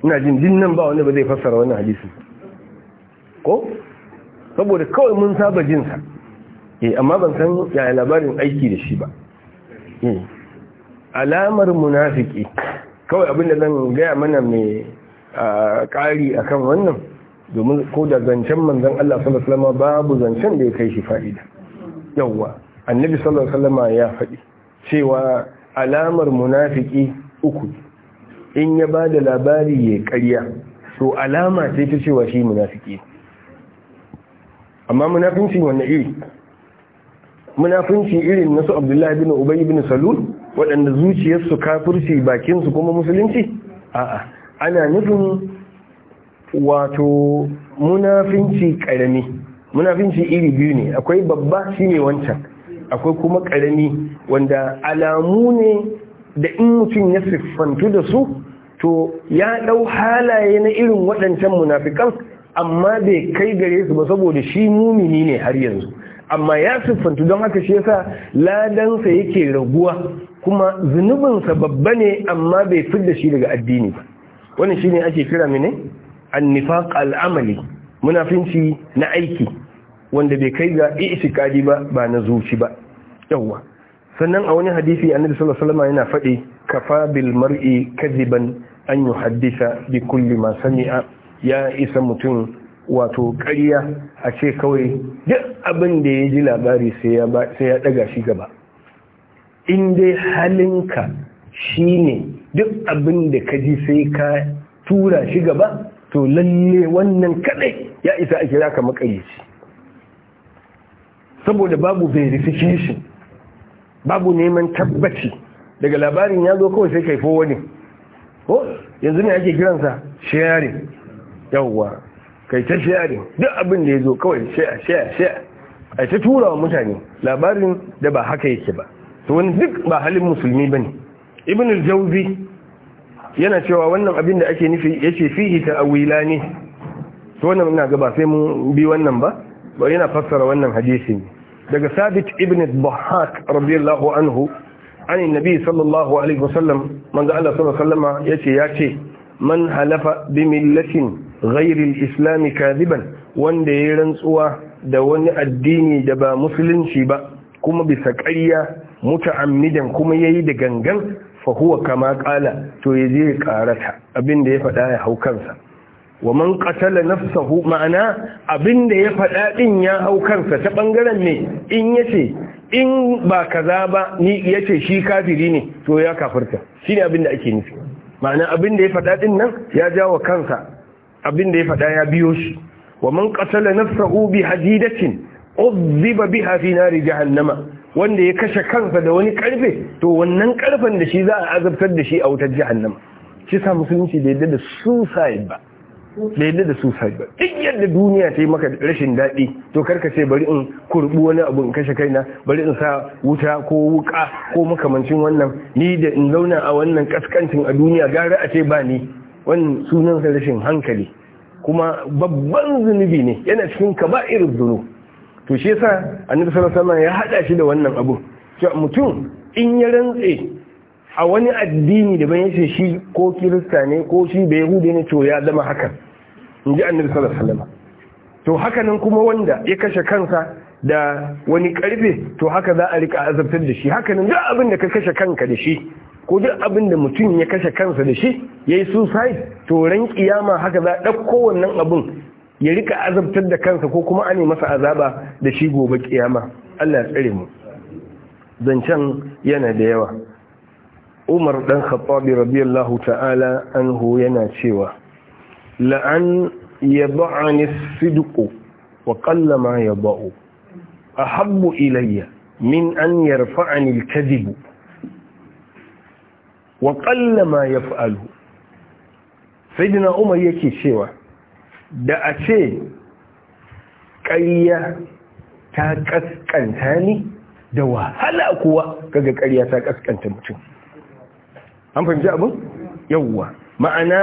ina jin din nan ba wanda ba zai fassara wannan hadisin ko saboda kawai mun saba jin sa eh amma ban san yaya labarin aiki da shi ba eh alamar munafiki kawai abin da zan gaya mana mai ƙari akan wannan domin ko da zancen manzon Allah sallallahu alaihi wasallam babu zancen da ya kai shi fa'ida yawa annabi sallallahu alaihi wasallam ya faɗi cewa alamar munafiki uku in ya ba da labari ya karya to alama sai ta cewa shi munafiki amma munafinci wanda iri munafinci irin nasu su abdullahi bin ubay bin salul waɗanda zuciyarsu kafirci bakinsu kuma musulunci a'a ana nufin wato munafinci ƙarami munafinci iri biyu ne akwai babba shine wancan akwai kuma ƙarami wanda alamu ne da in mutum ya siffantu da su to ya ɗau halaye na irin waɗancan munafikan amma bai kai gare su ba saboda shi mumini ne har yanzu amma ya siffantu don haka shi yasa ladansa yake raguwa kuma zunubinsa babba ne amma bai da shi daga addini ba wannan shine ake kira mene annifaq al'amali munafinci na aiki wanda bai kai ga i'tiqadi ba ba na zuci ba Yawwa. sannan a wani hadisi annabi sallallahu alaihi wasallam yana faɗi kafa bil mar'i kadiban an yuhaddisa bi kulli ma sami'a ya isa mutum wato ƙarya a ce kawai duk abin da ya ji labari sai ya ɗaga shi gaba in dai halinka shine duk abin da ka ji sai ka tura shi gaba to lalle wannan kadai ya isa a kira ka makarici saboda babu verification babu neman tabbaci daga labarin ya zo kawai sai kaifo fo wani ko yanzu ne ake kiransa shayari yawwa kai ta shayari duk abin da ya zo kawai share share share a ta tura wa mutane labarin da ba haka yake ba to wani duk ba halin musulmi bane ibn al-jawzi yana cewa wannan abin da ake nufi yace fihi Awila ne to wannan ina ga ba sai mun bi wannan ba ba yana fassara wannan hadisi ne daga sabit ibn buhak radiyallahu anhu an nabi sallallahu alaihi wasallam manzo Allah sallallahu alaihi yace yace man halafa bi millatin ghairi al-islam kadiban wanda ya rantsuwa da wani addini da ba musulunci ba kuma bisa ƙarya muta'ammidan kuma yayi da gangan fa huwa kama qala to yaje ya karata abinda ya faɗa ya hau kansa wa man qatala nafsahu ma'ana abinda ya faɗa din ya hau kansa ta bangaren ne in yace in ba kaza ba ni yace shi kafiri ne to ya kafirta shine abinda ake nufi ma'ana abinda ya fada din nan ya jawo kansa abinda ya faɗa ya biyo shi wa man qatala nafsahu bi hadidatin udhiba biha fi nari jahannama wanda ya kashe kansa da wani karfe to wannan karfen da shi za a azabtar da shi a wutar jahannama shi sa musulunci yadda da suicide ba da yadda da su sabi duk yadda duniya ta yi maka rashin daɗi to karka ce bari in kurbi wani abu in kashe kaina bari in sa wuta ko wuka ko makamancin wannan ni da in zauna a wannan kaskancin a duniya gara a ce ba ni wannan sunan sa rashin hankali kuma babban zunubi ne yana cikin irin zuru to shi yasa annabi sallallahu alaihi wasallam ya hada shi da wannan abu cewa mutum in ya rantse a wani addini da bayan ce shi ko kirista ne ko shi da hudu ne to ya zama hakan in ji annabi sallallahu alaihi wasallam to hakanan kuma wanda ya kashe kansa da wani karfe to haka za a rika azabtar da shi hakanan duk abin da ka kashe kanka da shi ko duk abin da mutum ya kashe kansa da shi yayi suicide to ran kiyama haka za a dauko wannan abun ya rika azabtar da kansa ko kuma a ne masa azaba da shi gobe kiyama Allah ya tsare mu zancen yana da yawa umar dan khattabi radiyallahu ta'ala anhu yana cewa la'an yad'ani sidqu wa qallama yad'u ahabbu ilayya min an yarfa'ani al-kadhib wa qallama yaf'alu sayyidina umar yake cewa da a ce ƙarya ta ƙasƙanta ni da wahala kuwa kaga ƙarya ta ƙasƙanta mutum an fahimci abin yawwa ma'ana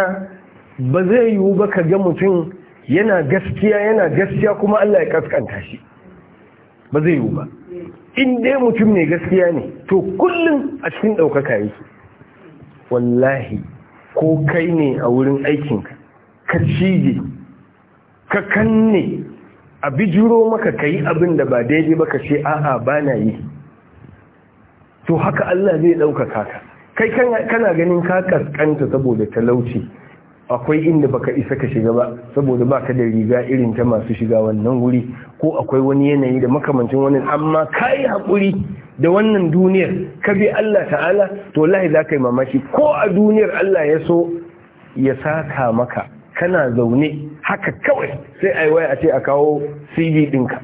ba zai yiwu ba ka ga mutum yana gaskiya yana gaskiya kuma Allah ya kaskanta shi ba zai yiwu ba in dai mutum ne gaskiya ne to kullum a cikin ɗaukaka yi wallahi ko kai ne a wurin aikinka ka cije ka kanne a bijiro maka ka yi abin da ba daidai ba ka ce a'a ba na yi to haka Allah zai ɗaukaka ka kai kana ganin ka kaskanta saboda talauci akwai inda baka isa ka shiga ba saboda baka da riga irin ta masu shiga wannan wuri ko akwai wani yanayi da makamancin wannan amma kai haƙuri da wannan duniyar ka bi Allah ta'ala to wallahi za ka yi mamaki ko a duniyar Allah ya so ya saka maka kana zaune haka kawai sai a waya a ce a kawo cv ɗinka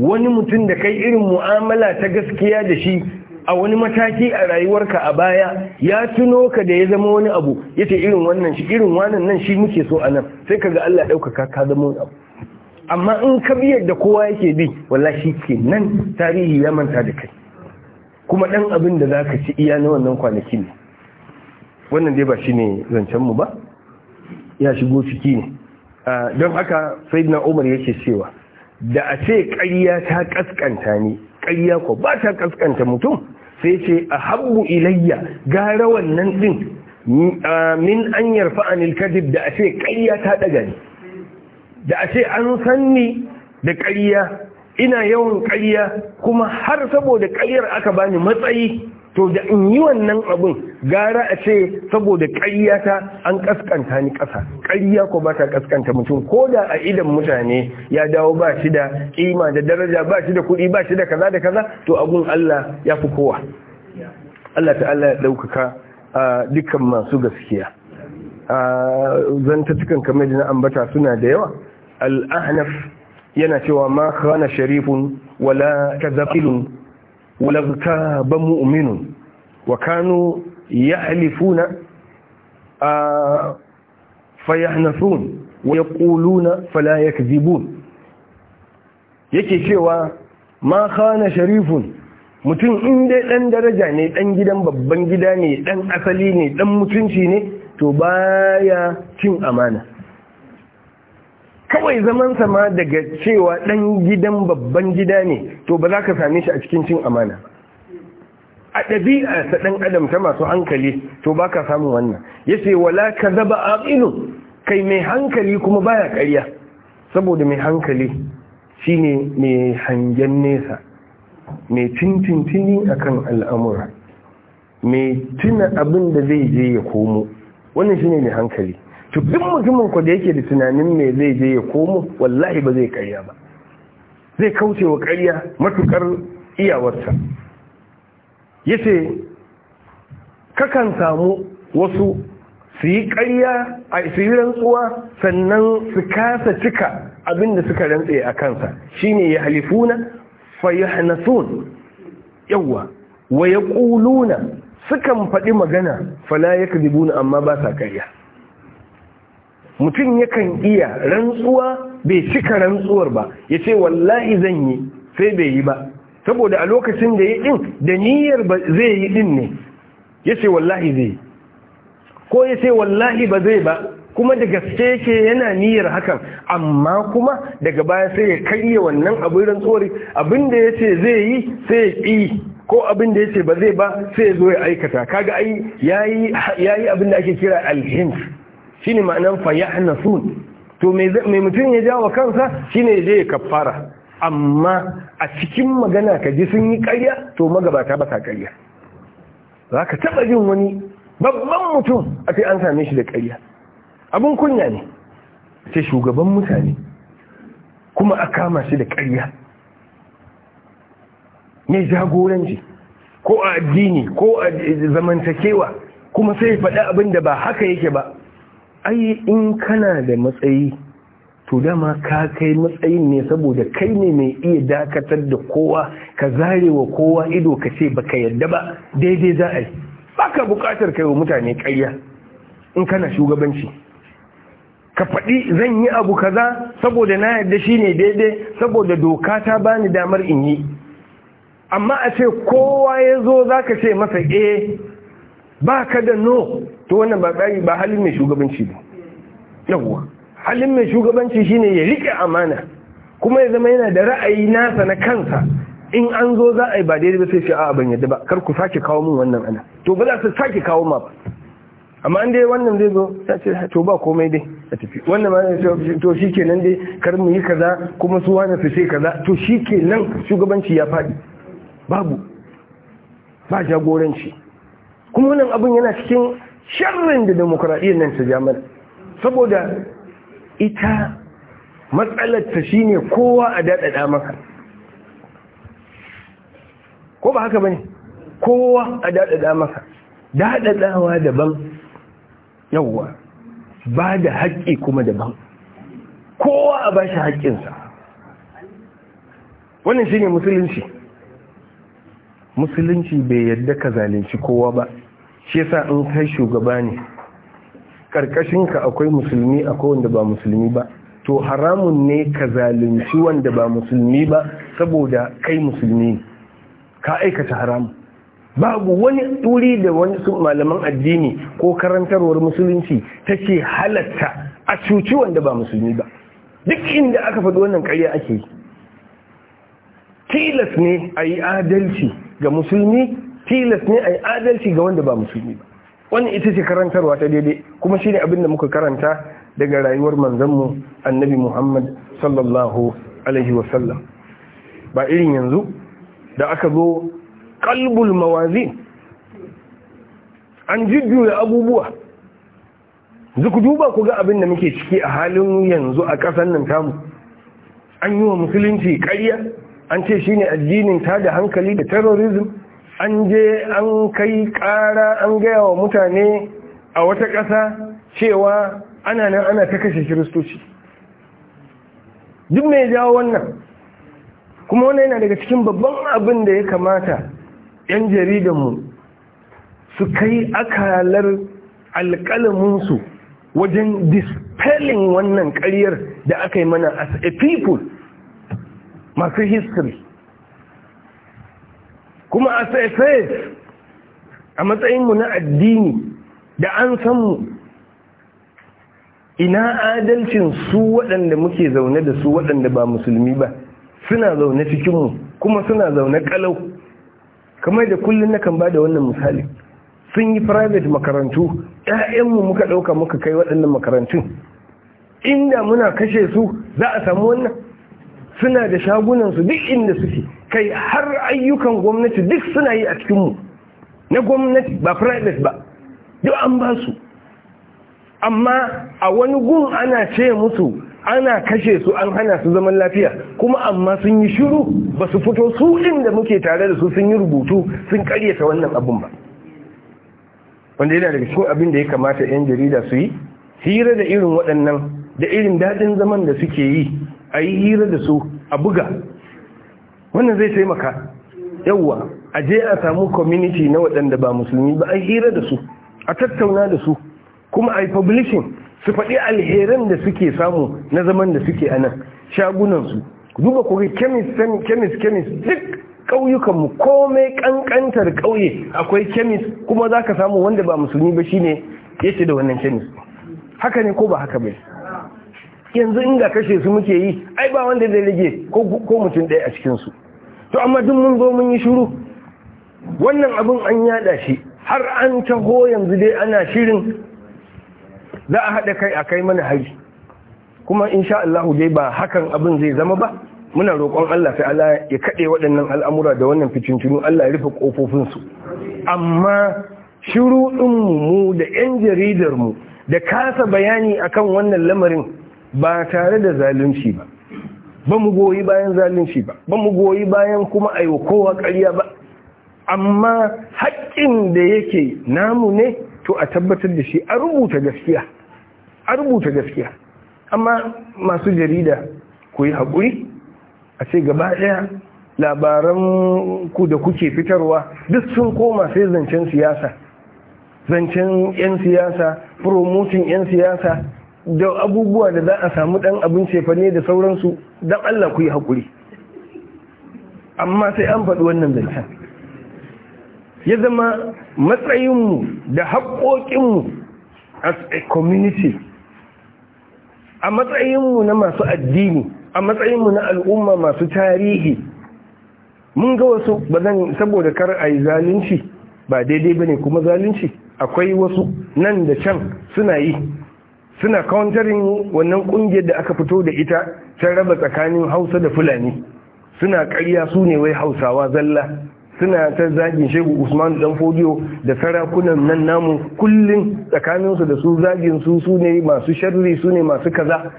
wani mutum da kai irin mu'amala ta gaskiya da shi a wani mataki a rayuwarka a baya ya tuno ka da ya zama wani abu ya ce irin wannan shi irin wannan nan shi muke so a nan sai ka ga Allah ɗaukaka ka zama wani abu amma in ka biyar da kowa yake bi walla shi ke nan tarihi ya manta da kai kuma ɗan abin da za ka ci iya na wannan kwanaki ne wannan dai ba shi ne zancenmu ba ya shigo ciki ne don haka sai na umar yake cewa da a ce ƙarya ta ƙasƙanta ne ƙarya ko ba ta kaskanta mutum sai ce a habbu ilayya gara wannan din min an yarfa anil kadib da ashe ƙarya ta daga ni da ashe an san ni da ƙarya ina yawan ƙarya kuma har saboda ƙaryar aka bani matsayi to da in yi wannan abin gara a ce saboda ta an kaskanta ni ƙasa ƙarya ko ba ta kaskanta mutum ko da a idan mutane ya dawo ba shi da ƙima da daraja ba shi da kuɗi ba shi da kaza da kaza to abun Allah ya fi kowa Allah ta'ala ya ɗaukaka dukkan masu gaskiya zantattukan kamar da na ambata suna da yawa al'ahnaf yana cewa ma khana sharifun wala kazafilun wala ba mu'minun wa kanu yahlifuna fayahnafun wa yaquluna fala yakzibun yake cewa ma khana sharifun mutum in dai dan daraja ne dan gidan babban gida ne dan asali ne dan mutunci ne to baya cin amana kawai zaman sama daga cewa dan gidan babban gida ne to ba za ka same shi a cikin cin amana ba a ɗabi'a ta ɗan adam ta masu hankali to ba ka samun wannan ya ce wala ka zaba a aqilu kai mai hankali kuma baya ƙarya saboda mai hankali shine mai hangen nesa mai tintintini akan al'amura mai tuna abin da zai je ya komo wannan shi ne mai hankali to duk mutumin ku da yake da tunanin mai zai je ya komo wallahi ba zai ƙarya ba zai kauce wa ƙarya matuƙar iyawarsa yace kakan samu wasu su yi ƙarya a su yi rantsuwa sannan su kasa cika abinda suka rantse a kansa shine ya halifuna fa yawwa yauwa wa ƙuluna sukan faɗi magana fala yakdibuna amma ba sa ƙarya mutum yakan iya rantsuwa bai cika rantsuwar ba ya ce wallahi zan yi sai bai yi ba saboda a lokacin da ya din da niyyar ba zai yi din ne Ya ce wallahi zai ko ya ce wallahi ba zai ba kuma da gaske yake yana niyyar hakan amma kuma daga baya sai ya karye wannan abin rantsori abin da ce zai yi sai ya ƙi ko abin da ce ba zai ba sai ya zo ya aikata kaga ai yayi yi abin ake kira alhims shine ma'anan fa to mai mutum ya jawo kansa shine ya je ya kaffara amma a cikin magana ka ji sun yi karya to magabata ba sa karya za ka taɓa jin wani babban mutum a kai an same shi da karya abin kunya ne ce shugaban mutane kuma a kama shi da karya ne jagoranci ko a addini ko a zamantakewa kuma sai faɗi abin da ba haka yake ba ai in kana da matsayi to dama ka kai matsayin ne saboda kai ne mai iya dakatar da kowa ka zare wa kowa ido ka ce baka yadda ba daidai za a yi baka bukatar kai wa mutane ƙarya in kana shugabanci ka faɗi zan yi abu kaza saboda na yadda shi ne daidai saboda doka ta bani damar in yi amma a ce kowa ya zo za ka ce masa e ba ka da no to wannan ba tsari ba halin mai shugabanci ba yawwa halin mai shugabanci shine ya rike amana kuma ya zama yana da ra'ayi nasa na kansa in an zo za a yi ba daidai ba sai shi a ban yadda ba kar ku sake kawo min wannan ana to ba za su sake kawo ma ba amma an dai wannan zai zo ta ce to ba komai dai a tafi wannan ma to shi ke nan dai kar mu yi kaza kuma su wani su ce kaza to shi ke nan shugabanci ya faɗi babu ba jagoranci kuma wannan abin yana cikin sharrin da demokuraɗiyyar nan ta ja saboda ita matsalarta shine kowa a daɗaɗa maka ko ba haka ba ne kowa a daɗaɗa maka daɗaɗawa daban yawwa ba da haƙƙi kuma daban kowa a ba shi haƙƙinsa wannan shine musulunci musulunci bai yadda ka zalunci kowa ba shi yasa in kai shugaba ne ka akwai musulmi akwai wanda ba musulmi ba to haramun ne ka zalunci wanda ba musulmi ba saboda kai musulmi ka aikata haramu. babu wani ɗuri da wani malaman addini ko karantarwar musulunci ke halatta a cuci wanda ba musulmi ba duk inda aka faɗi wannan karya ake yi, tilas ne a yi adalci ga musulmi tilas ne a yi adalci ga wanda ba musulmi ba Wani ita ce karantarwa ta daidai kuma shine abin da muka karanta daga rayuwar manzanmu annabi Muhammad sallallahu alaihi wasallam ba irin yanzu da aka zo kalbul mawazin an jujjuya abubuwa zuku duba ku ga abin da muke ciki a halin yanzu a ƙasar nan tamu an yi wa musulunci ƙarya an ce shi ne addinin ta da hankali da terrorism an je an kai ƙara an gaya wa mutane a wata ƙasa cewa ana nan ana ta kashe kiristoci duk mai jawo wannan kuma wannan yana daga cikin babban abin da ya kamata 'yan jaridanmu su kai akalar alkalaminsu wajen dispelling wannan ƙaryar da aka yi mana as a people masu history kuma a sai a matsayinmu na addini da an sanmu ina adalcin su waɗanda muke zaune da su waɗanda ba musulmi ba suna zaune cikinmu kuma suna zaune kalau kamar da kullum na kan ba da wannan misali sun yi private makarantu ‘ya'yanmu muka ɗauka muka kai waɗannan makarantun inda muna kashe su za a samu wannan suna da shagunansu duk inda suke kai har ayyukan gwamnati duk suna yi a cikinmu na gwamnati ba private ba duk an ba su amma a wani gun ana ce musu ana kashe su an hana su zaman lafiya kuma amma sun yi shiru ba su fito su inda muke tare da su sun yi rubutu sun karyata wannan abin ba wanda yana daga cikin abin da ya kamata 'yan jarida su yi hira da irin waɗannan da irin daɗin zaman da suke yi a yi hira da su a buga wannan zai taimaka yawwa a je a samu community na waɗanda ba musulmi ba a hira da su a tattauna da su kuma a yi publishing su faɗi alherin da suke samu na zaman da suke a nan shagunansu duba kuka kemis kemis kemis duk ƙauyukanmu komai ƙanƙantar ƙauye akwai kemis kuma za ka samu wanda ba musulmi ba shine yake da wannan kemis haka ne ko ba haka bai yanzu inda kashe su muke yi ai ba wanda zai rage ko mutum ɗaya a cikinsu to amma duk mun zo mun yi shuru wannan abin an yada shi har an taho yanzu dai ana shirin za a haɗa kai a kai mana hari kuma insha Allah dai ba hakan abin zai zama ba muna roƙon Allah sai Allah ya kaɗe waɗannan al'amura da wannan fitintunu Allah ya rufe ƙofofinsu amma shiru ɗinmu mu da 'yan jaridarmu da kasa bayani akan wannan lamarin ba tare da zalunci ba ba mu goyi bayan zalunci ba ba mu goyi bayan kuma aiwa kowa ƙarya ba amma haƙƙin da yake namu ne to a tabbatar da shi a rubuta gaskiya a rubuta gaskiya amma masu jarida ku yi haƙuri a ce gaba ɗaya labaran ku da kuke fitarwa duk sun koma sai zancen siyasa zancen 'yan siyasa promoting 'yan siyasa da abubuwa da za a samu ɗan abin cefa ne da sauransu don Allah ku yi haƙuri amma sai an faɗi wannan zancen ya zama matsayinmu da haƙoƙinmu as a community a matsayinmu na masu addini a matsayinmu na al'umma masu tarihi mun ga wasu ba zan saboda kar a yi zalunci ba daidai ba ne kuma zalunci akwai wasu nan da can suna yi suna countering wannan kungiyar da aka fito da ita can raba tsakanin hausa da fulani suna karya su ne wai hausawa zalla suna ta zagin shegu usman dan fodiyo da sarakunan nan namu kullum tsakaninsu da su zagin su su ne masu sharri su ne masu kaza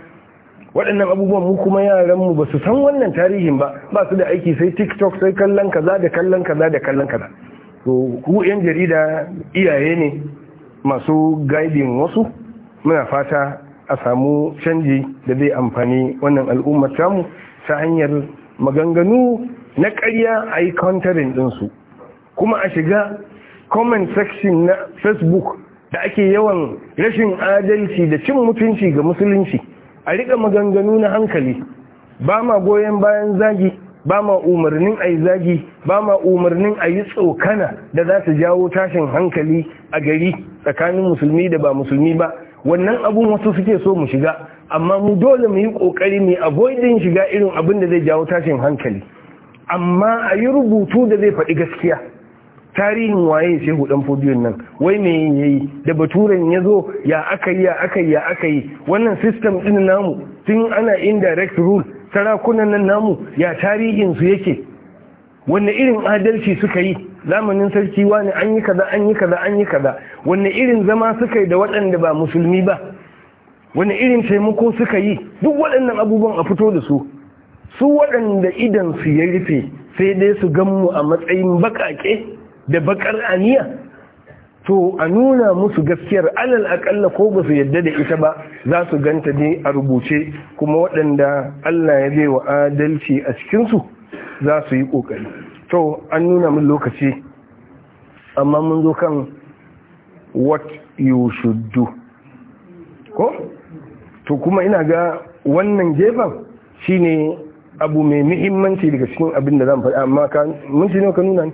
waɗannan abubuwan mu kuma yaranmu ba su san wannan tarihin ba ba su da aiki sai tiktok sai kallon kaza da kallon kaza da kallon kaza to ku yan jarida iyaye ne masu gaidin wasu muna fata a samu canji da zai amfani wannan al'ummar tamu ta hanyar maganganu na karya a yi kwantarin ɗinsu kuma a shiga comment section na facebook da ake yawan rashin adalci da cin mutunci ga musulunci a riƙa maganganu na hankali ba ma goyon bayan zagi ba ma umarnin a yi zagi ba ma umarnin a yi tsokana da za su jawo tashin hankali a gari tsakanin musulmi da ba musulmi ba wannan abun wasu suke so mu shiga amma mu dole mu yi kokari mu avoidin shiga irin abin da zai jawo tashin hankali amma a yi rubutu da zai faɗi gaskiya tarihin waye sai hudan fodiyon nan wai me yayi da baturen ya zo ya aka yi ya aka yi ya aka yi wannan system din namu tun ana indirect rule sarakunan nan namu ya tarihin su yake wanne irin adalci suka yi zamanin sarki wani an yi kaza an yi kaza an yi kaza wanne irin zama suka yi da waɗanda ba musulmi ba wanne irin taimako suka yi duk waɗannan abubuwan a fito da su su waɗanda idan su ya rufe sai dai su gan mu a matsayin baƙaƙe da baƙar aniya to a nuna musu gaskiyar alal aƙalla ko ba su yadda da ita ba za su ganta ne a rubuce kuma waɗanda Allah ya bai wa adalci a cikinsu za su yi ƙoƙari to an nuna min lokaci amma mun zo kan what you should do ko to kuma ina ga wannan gefen shine abu mai muhimmanci daga cikin abin da zan faɗi amma ka minti ne ka nuna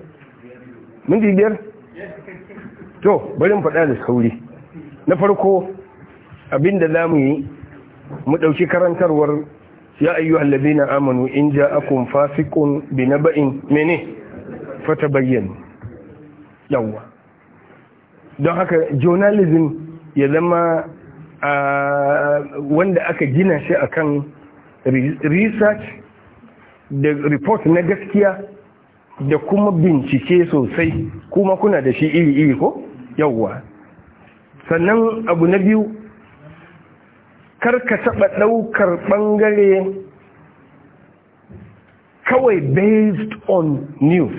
ni ji biyar to bari mu faɗa da sauri na farko abin da za mu yi mu ɗauki karantarwar ya أيها الذين آمنوا إن جاءكم فاسق بنبأ منه فتبين يوا don haka journalism ya zama wanda aka gina shi akan research da report na gaskiya da kuma bincike sosai kuma kuna da shi iri-iri ko yawwa sannan abu na biyu kar ka taɓa ɗaukar ɓangare kawai based on news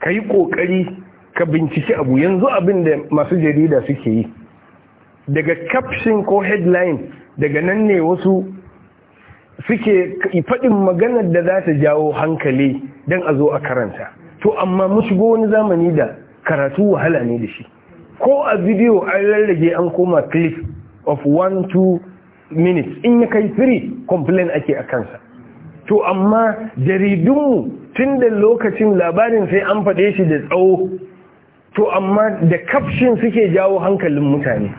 ka yi ƙoƙari ka binciki abu yanzu abin da masu jarida suke yi daga caption ko headline daga nan ne wasu suke faɗin maganar da za ta jawo hankali don a zo a karanta to amma mu wani zamani da karatu wahala ne da shi ko a bidiyo an lallage an koma clip of 1 2 minutes in ya kai 3 complain ake a kansa to amma jaridunmu tun da lokacin labarin sai an faɗe shi da tsawo to amma da kafshin suke jawo hankalin mutane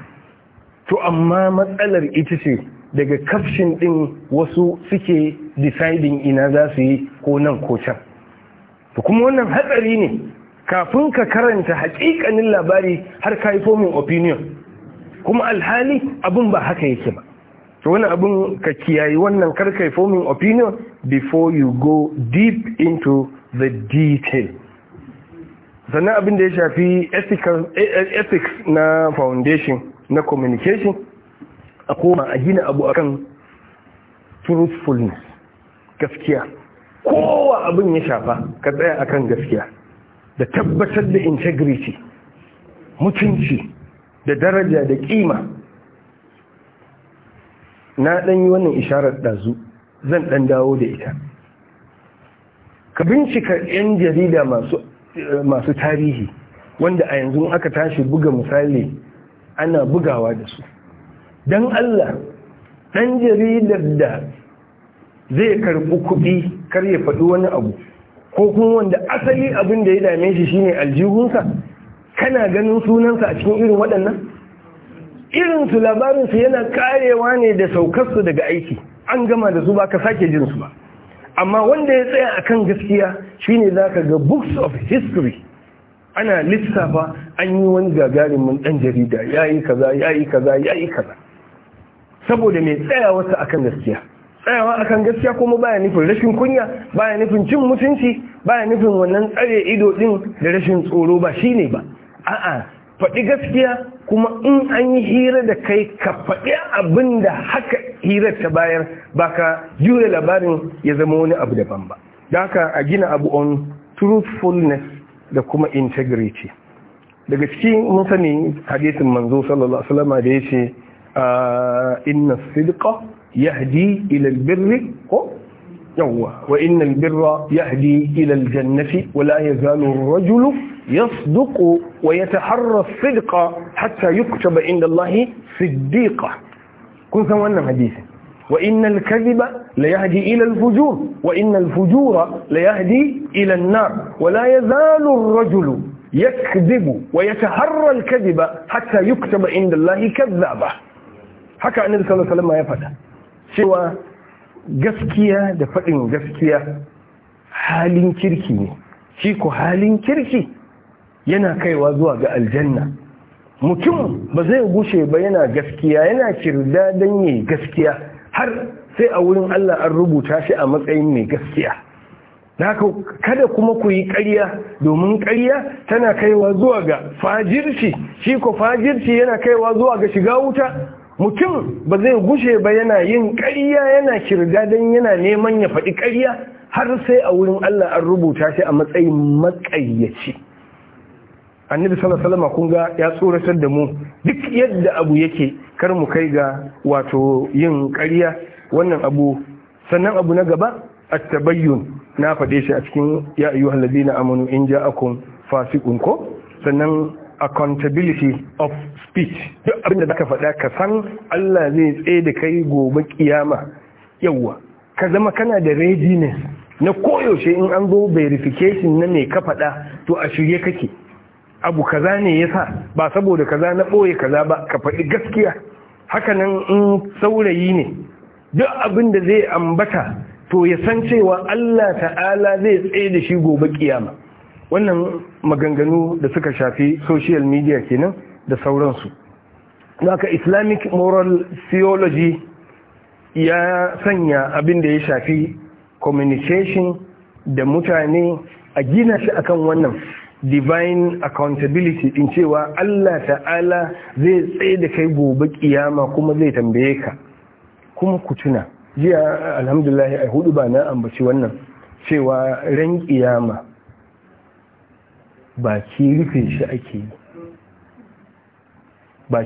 to amma matsalar ita ce daga kafshin ɗin wasu suke deciding ina za su yi ko nan ko can to kuma wannan hatsari ne kafin ka karanta hakikanin labari har ka yi fomin opinion kuma alhali abin ba haka yake ba so wani abun ka kiyaye wannan karkai forming opinion before you go deep into the detail sannan abin da ya shafi e, e, ethics na foundation na communication a koma a gina abu akan truthfulness gaskiya kowa abin ya shafa ka tsaya akan gaskiya da tabbatar da integrity mutunci da daraja da kima na ɗan yi wannan isharar ɗazu zan ɗan dawo da ita ka bincika 'yan jarida eh, masu tarihi wanda a yanzu aka tashi buga misali ana bugawa da su don Allah ɗan jaridar da zai karɓi kuɗi kar ya faɗi wani abu ko kuma wanda asali abin da ya dame shi shine aljihunsa kana ganin sunansa a cikin irin waɗannan irinsu labarinsu yana karewa ne da saukarsu daga aiki an gama da su ba ka sake jinsu ba amma wanda ya tsaya a kan gaskiya shine za ka ga books of history ana lissafa an yi wani gagarumin ɗan jarida ya yi kaza ya yi kaza ya yi kaza saboda mai wasu a kan gaskiya tsayawa a kan gaskiya kuma baya nufin rashin kunya baya nufin cin mutunci baya nufin wannan tsare ido ɗin da rashin tsoro ba shine ba a'a faɗi gaskiya kuma in an yi hira da kai ka faɗi abin da haka hirar ta bayar ba ka jure labarin ya zama wani abu daban ba da haka a gina abu on truthfulness da kuma integrity daga cikin mun sani hadisin manzo sallallahu alaihi wasallam da yace ah, inna sidqa yahdi ila albirri ko يوه وإن البر يهدي إلى الجنة ولا يزال الرجل يصدق ويتحرى الصدق حتى يكتب عند الله صديقة كن سوانا حديثا وإن الكذب ليهدي إلى الفجور وإن الفجور ليهدي إلى النار ولا يزال الرجل يكذب ويتحرى الكذب حتى يكتب عند الله كذابة حكى عن الله صلى الله عليه وسلم ما يفعل سوى gaskiya da faɗin gaskiya halin kirki ne shi ku halin kirki yana kaiwa zuwa ga aljanna mutum ba zai gushe ba yana gaskiya yana kirda don yi gaskiya har sai a wurin Allah an rubuta shi a matsayin mai gaskiya kada kuma ku yi ƙarya domin ƙarya tana kaiwa zuwa ga fajirci shi ko fajirci yana kaiwa zuwa ga shiga wuta mutum ba zai gushe ba yana yin ƙarya yana kirga don yana neman ya faɗi ƙarya har sai a wurin Allah an rubuta shi a matsayin maƙayyaci annabi sallallahu alaihi kun ga ya tsoratar da mu duk yadda abu yake kar mu kai ga wato yin ƙarya wannan abu sannan abu na gaba at-tabayyun na faɗe shi a cikin ya ayyuhal ladina amanu in ja'akum fasiqun ko sannan accountability of speech duk da zaka faɗa ka san Allah zai tsaye da kai gobe kiyama yawa ka zama kana da readiness na koyaushe in an zo verification na me ka faɗa to a shirye kake abu kaza ne yasa ba saboda kaza na ɓoye kaza ba ka faɗi gaskiya hakanan in saurayi ne duk abin da zai ambata to ya san cewa Allah ta'ala zai tsaye da shi gobe kiyama wannan maganganu da suka shafi social media kenan da sauransu haka islamic moral theology ya sanya abin da ya shafi communication da mutane a gina shi akan wannan divine accountability in cewa Allah ta'ala zai tsaye da kai gobe kiyama kuma zai tambaye ka kuma ku tuna jiya alhamdulillah a hudu ba na ambaci wannan cewa ran kiyama ki rufe shi ake yi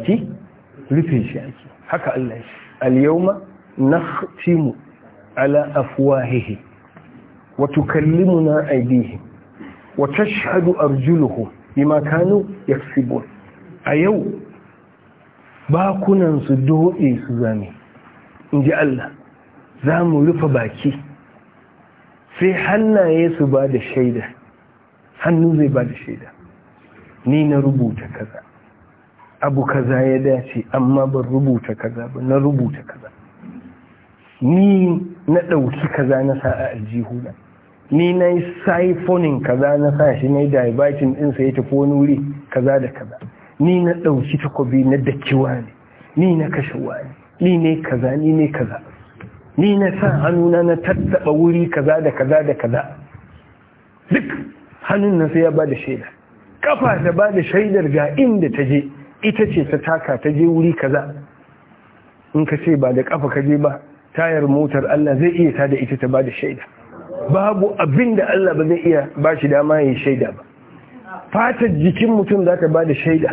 ki. rufe shi ake haka Allah shi al-yawma nakhtimu ala afwahihi wa tukallimuna aydihim wa tashhadu arjuluhum bima kanu yaksibun a yau bakunan su dode su zame inji Allah za mu rufe baki sai hannaye su ba da shaida hannu zai bada shaida ni na rubuta kaza abu kaza ya dace amma ban rubuta kaza ba na rubuta kaza ni na ɗauki kaza na sa a aljihuna ni na yi siphoning kaza na sa shi na yi diabetin sa ya tafi wani wuri kaza da kaza ni na ɗauki takobi na dakiwa ne ni na kashe wani ni ne kaza ni ne kaza ni na sa hannuna na tattaɓa wuri kaza da kaza da kaza duk hannun na sai ya ba da shaida kafa ta ba da shaidar ga inda ta je ita ce ta taka ta je wuri kaza in ka ce ba da kafa ka je ba tayar motar Allah zai iya ta da ita ta ba da shaida babu abin da Allah ba zai iya ba shi dama ya shaida ba fatar jikin mutum za ta ba da shaida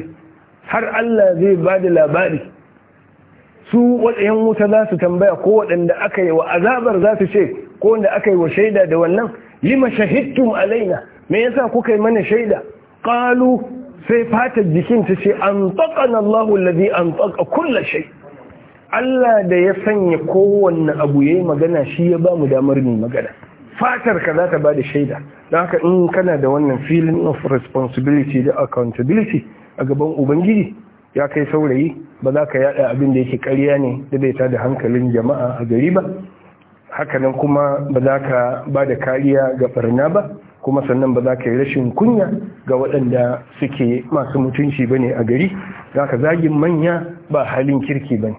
har Allah zai ba da labari su waɗayen wuta za su tambaya ko waɗanda aka yi wa azabar za su ce ko wanda aka yi wa shaida da wannan lima shahittum alaina me yasa kuka yi mana shaida ƙalu. sai fatar jikin ta ce an tsakan Allahu alladhi an tsaka kullu shai. Allah da ya sanya kowanne abu yayi magana shi ya ba mu damar ni magana fatar ka za ta ba da shaida don haka in kana da wannan feeling of responsibility da accountability a gaban ubangiji ya kai saurayi ba za ka yada abin da yake karya ne da bai da hankalin jama'a a gari ba hakanan kuma ba za ka ba da kariya ga barna ba kuma sannan ba za ka yi rashin kunya ga waɗanda suke masu mutunci ba ne a gari za ka zagin manya ba halin kirki ba ne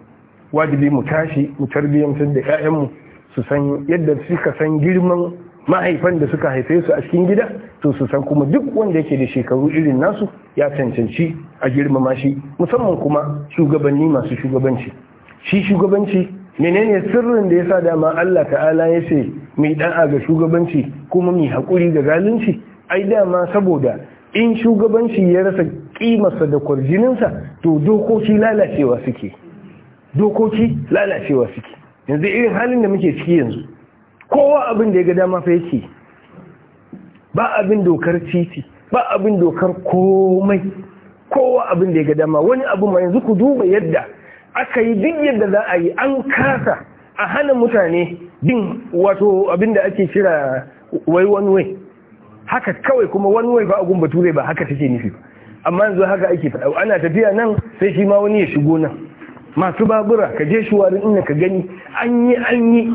wajibi mu tashi mu tarbiyyantar da 'ya'yanmu su san yadda suka san girman mahaifan da suka haife su a cikin gida to su san kuma duk wanda yake da shekaru irin nasu ya cancanci a girmama shi musamman kuma shugabanni masu shugabanci shi shugabanci menene sirrin da ya yasa dama Allah ta'ala ya ce mai da'a ga shugabanci kuma mai haƙuri ga zalunci ai dama saboda in shugabanci ya rasa ƙimarsa da kwarjininsa to dokoki lalacewa suke dokoki lalacewa suke yanzu irin halin da muke ciki yanzu kowa abin da ya ga dama fa yake ba abin dokar titi ba abin dokar komai kowa abin da ya ga dama wani abu ma yanzu ku duba yadda aka yi duk yadda za a yi an kasa a hana mutane bin wato abinda ake kira wai one way haka kawai kuma one way ba gumba bature ba haka take nufi amma yanzu haka ake faɗa ana tafiya nan sai shi ma wani ya shigo nan masu babura ka je shuwarin ina ka gani an yi an yi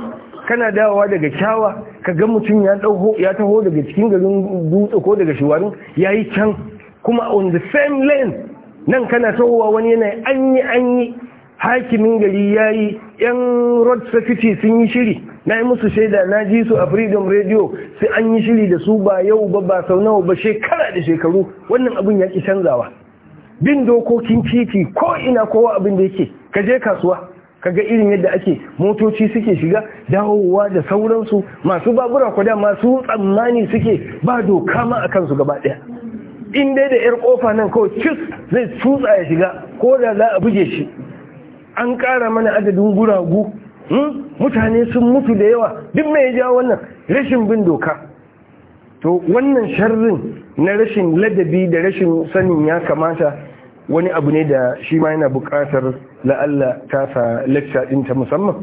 kana dawowa daga kyawa ka ga mutum ya ya taho daga cikin garin dutse ko daga shuwarin ya yi can kuma on the same lane nan kana tahowa wani yanayi, an yi an yi hakimin gari ya yi yan road safety sun yi shiri na yi musu shaida na ji su a freedom radio sai an yi shiri da su ba yau ba ba sau nawa ba shekara da shekaru wannan abin ya ki canzawa bin dokokin titi ko ina kowa abin da yake ka je kasuwa ka ga irin yadda ake motoci suke shiga dawowa da sauransu masu babura kwada masu tsammani suke ba doka ma a kansu gaba ɗaya in dai da 'yar kofa nan kawai cis zai tutsa ya shiga ko da za a buge shi an ƙara mana adadin guragu hmm? mutane sun mutu da yawa duk mai ja wannan rashin bin doka to wannan sharrin na rashin ladabi da rashin sanin ya kamata wani abu ne da shi ma yana buƙatar la'alla tasa din ta musamman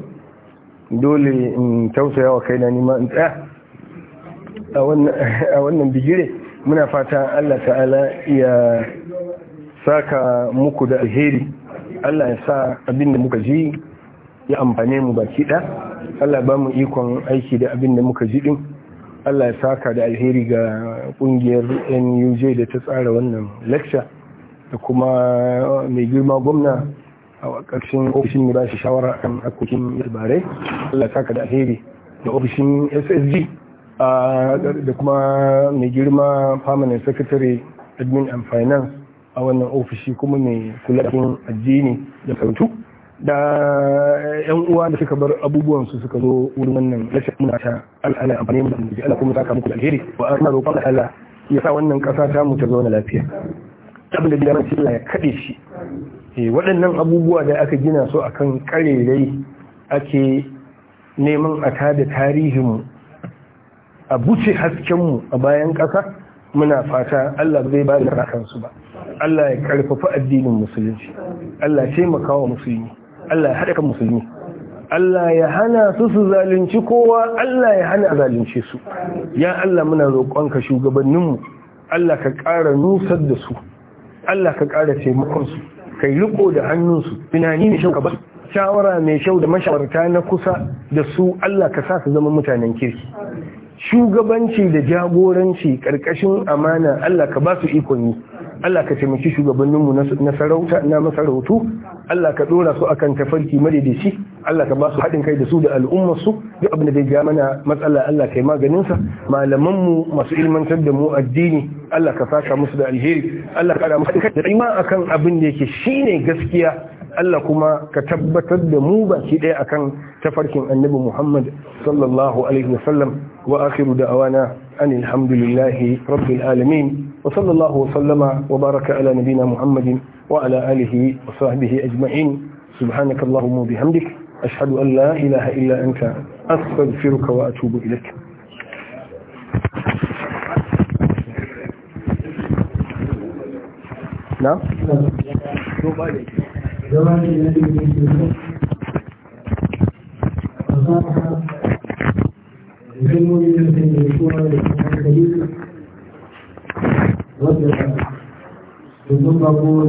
dole in tausaya wa kaina nima in tsaya a wannan bigire muna fata Allah ta'ala ya saka muku da alheri Allah ya sa abin da muka ji ya amfane mu baki kiɗa. Allah ba mu ikon aiki da abin da muka ji ɗin Allah ya saka da alheri ga ƙungiyar NUJ da ta tsara wannan lecture da kuma uh, mai girma gwamna a ƙarshen ofishin ne ba shi shawara kan akokin labarai Allah ya saka da alheri da ofishin SSG uh, da kuma mai girma permanent secretary admin and finance a wannan ofishi kuma mai kulakin addini da karatu da yan uwa da suka bar abubuwan su suka zo wurin wannan rashin muna ta al'ala amfani mu da Allah kuma saka muku alheri wa ana roƙon Allah ya sa wannan ƙasa ta mu ta zauna lafiya abin da gidan Allah ya kaɗe shi eh, waɗannan abubuwa da aka gina su akan karerai ake neman a tada mu, a buce haskenmu a bayan ƙasa muna fata Allah zai ba da kansu ba Allah ya karfafa addinin musulunci Allah ya taimaka wa musulmi Allah ya haɗa kan musulmi Allah ya hana su su zalunci kowa Allah ya hana zalunce su ya Allah muna roƙonka shugabanninmu Allah ka ƙara nusar da su Allah ka ƙara taimakon su kai riko da hannunsu tunani ne shauka ba shawara mai shau da mashawarta na kusa da su Allah ka sa su zama mutanen kirki shugabanci da jagoranci ƙarƙashin amana Allah ka ba su ikon yi Allah ka taimaki shugabanninmu na sarauta na masarautu Allah ka ɗora su akan tafarki madaidaici Allah ka ba su haɗin kai da su da al'ummar su duk abin da zai ja mana matsala Allah ka yi maganin sa malaman mu masu ilmantar da mu addini Allah ka saka musu da alheri Allah ka ƙara musu da akan abin da yake shine gaskiya Allah kuma ka tabbatar da mu baki ɗaya akan tafarkin annabi Muhammad sallallahu alaihi wa wasallam wa akhiru da'awana an alhamdulillahi rabbil alamin wa sallallahu wa sallama wa baraka ala nabina Muhammadin wa ala alihi wa sahbihi ajma'in subhanaka allahumma bihamdik ashhadu an la ilaha illa anta astaghfiruka wa atubu ilaik na? زواج النبي بالسنة فصاحب بالمؤمنة يشكر للحديث وجد بالمطلق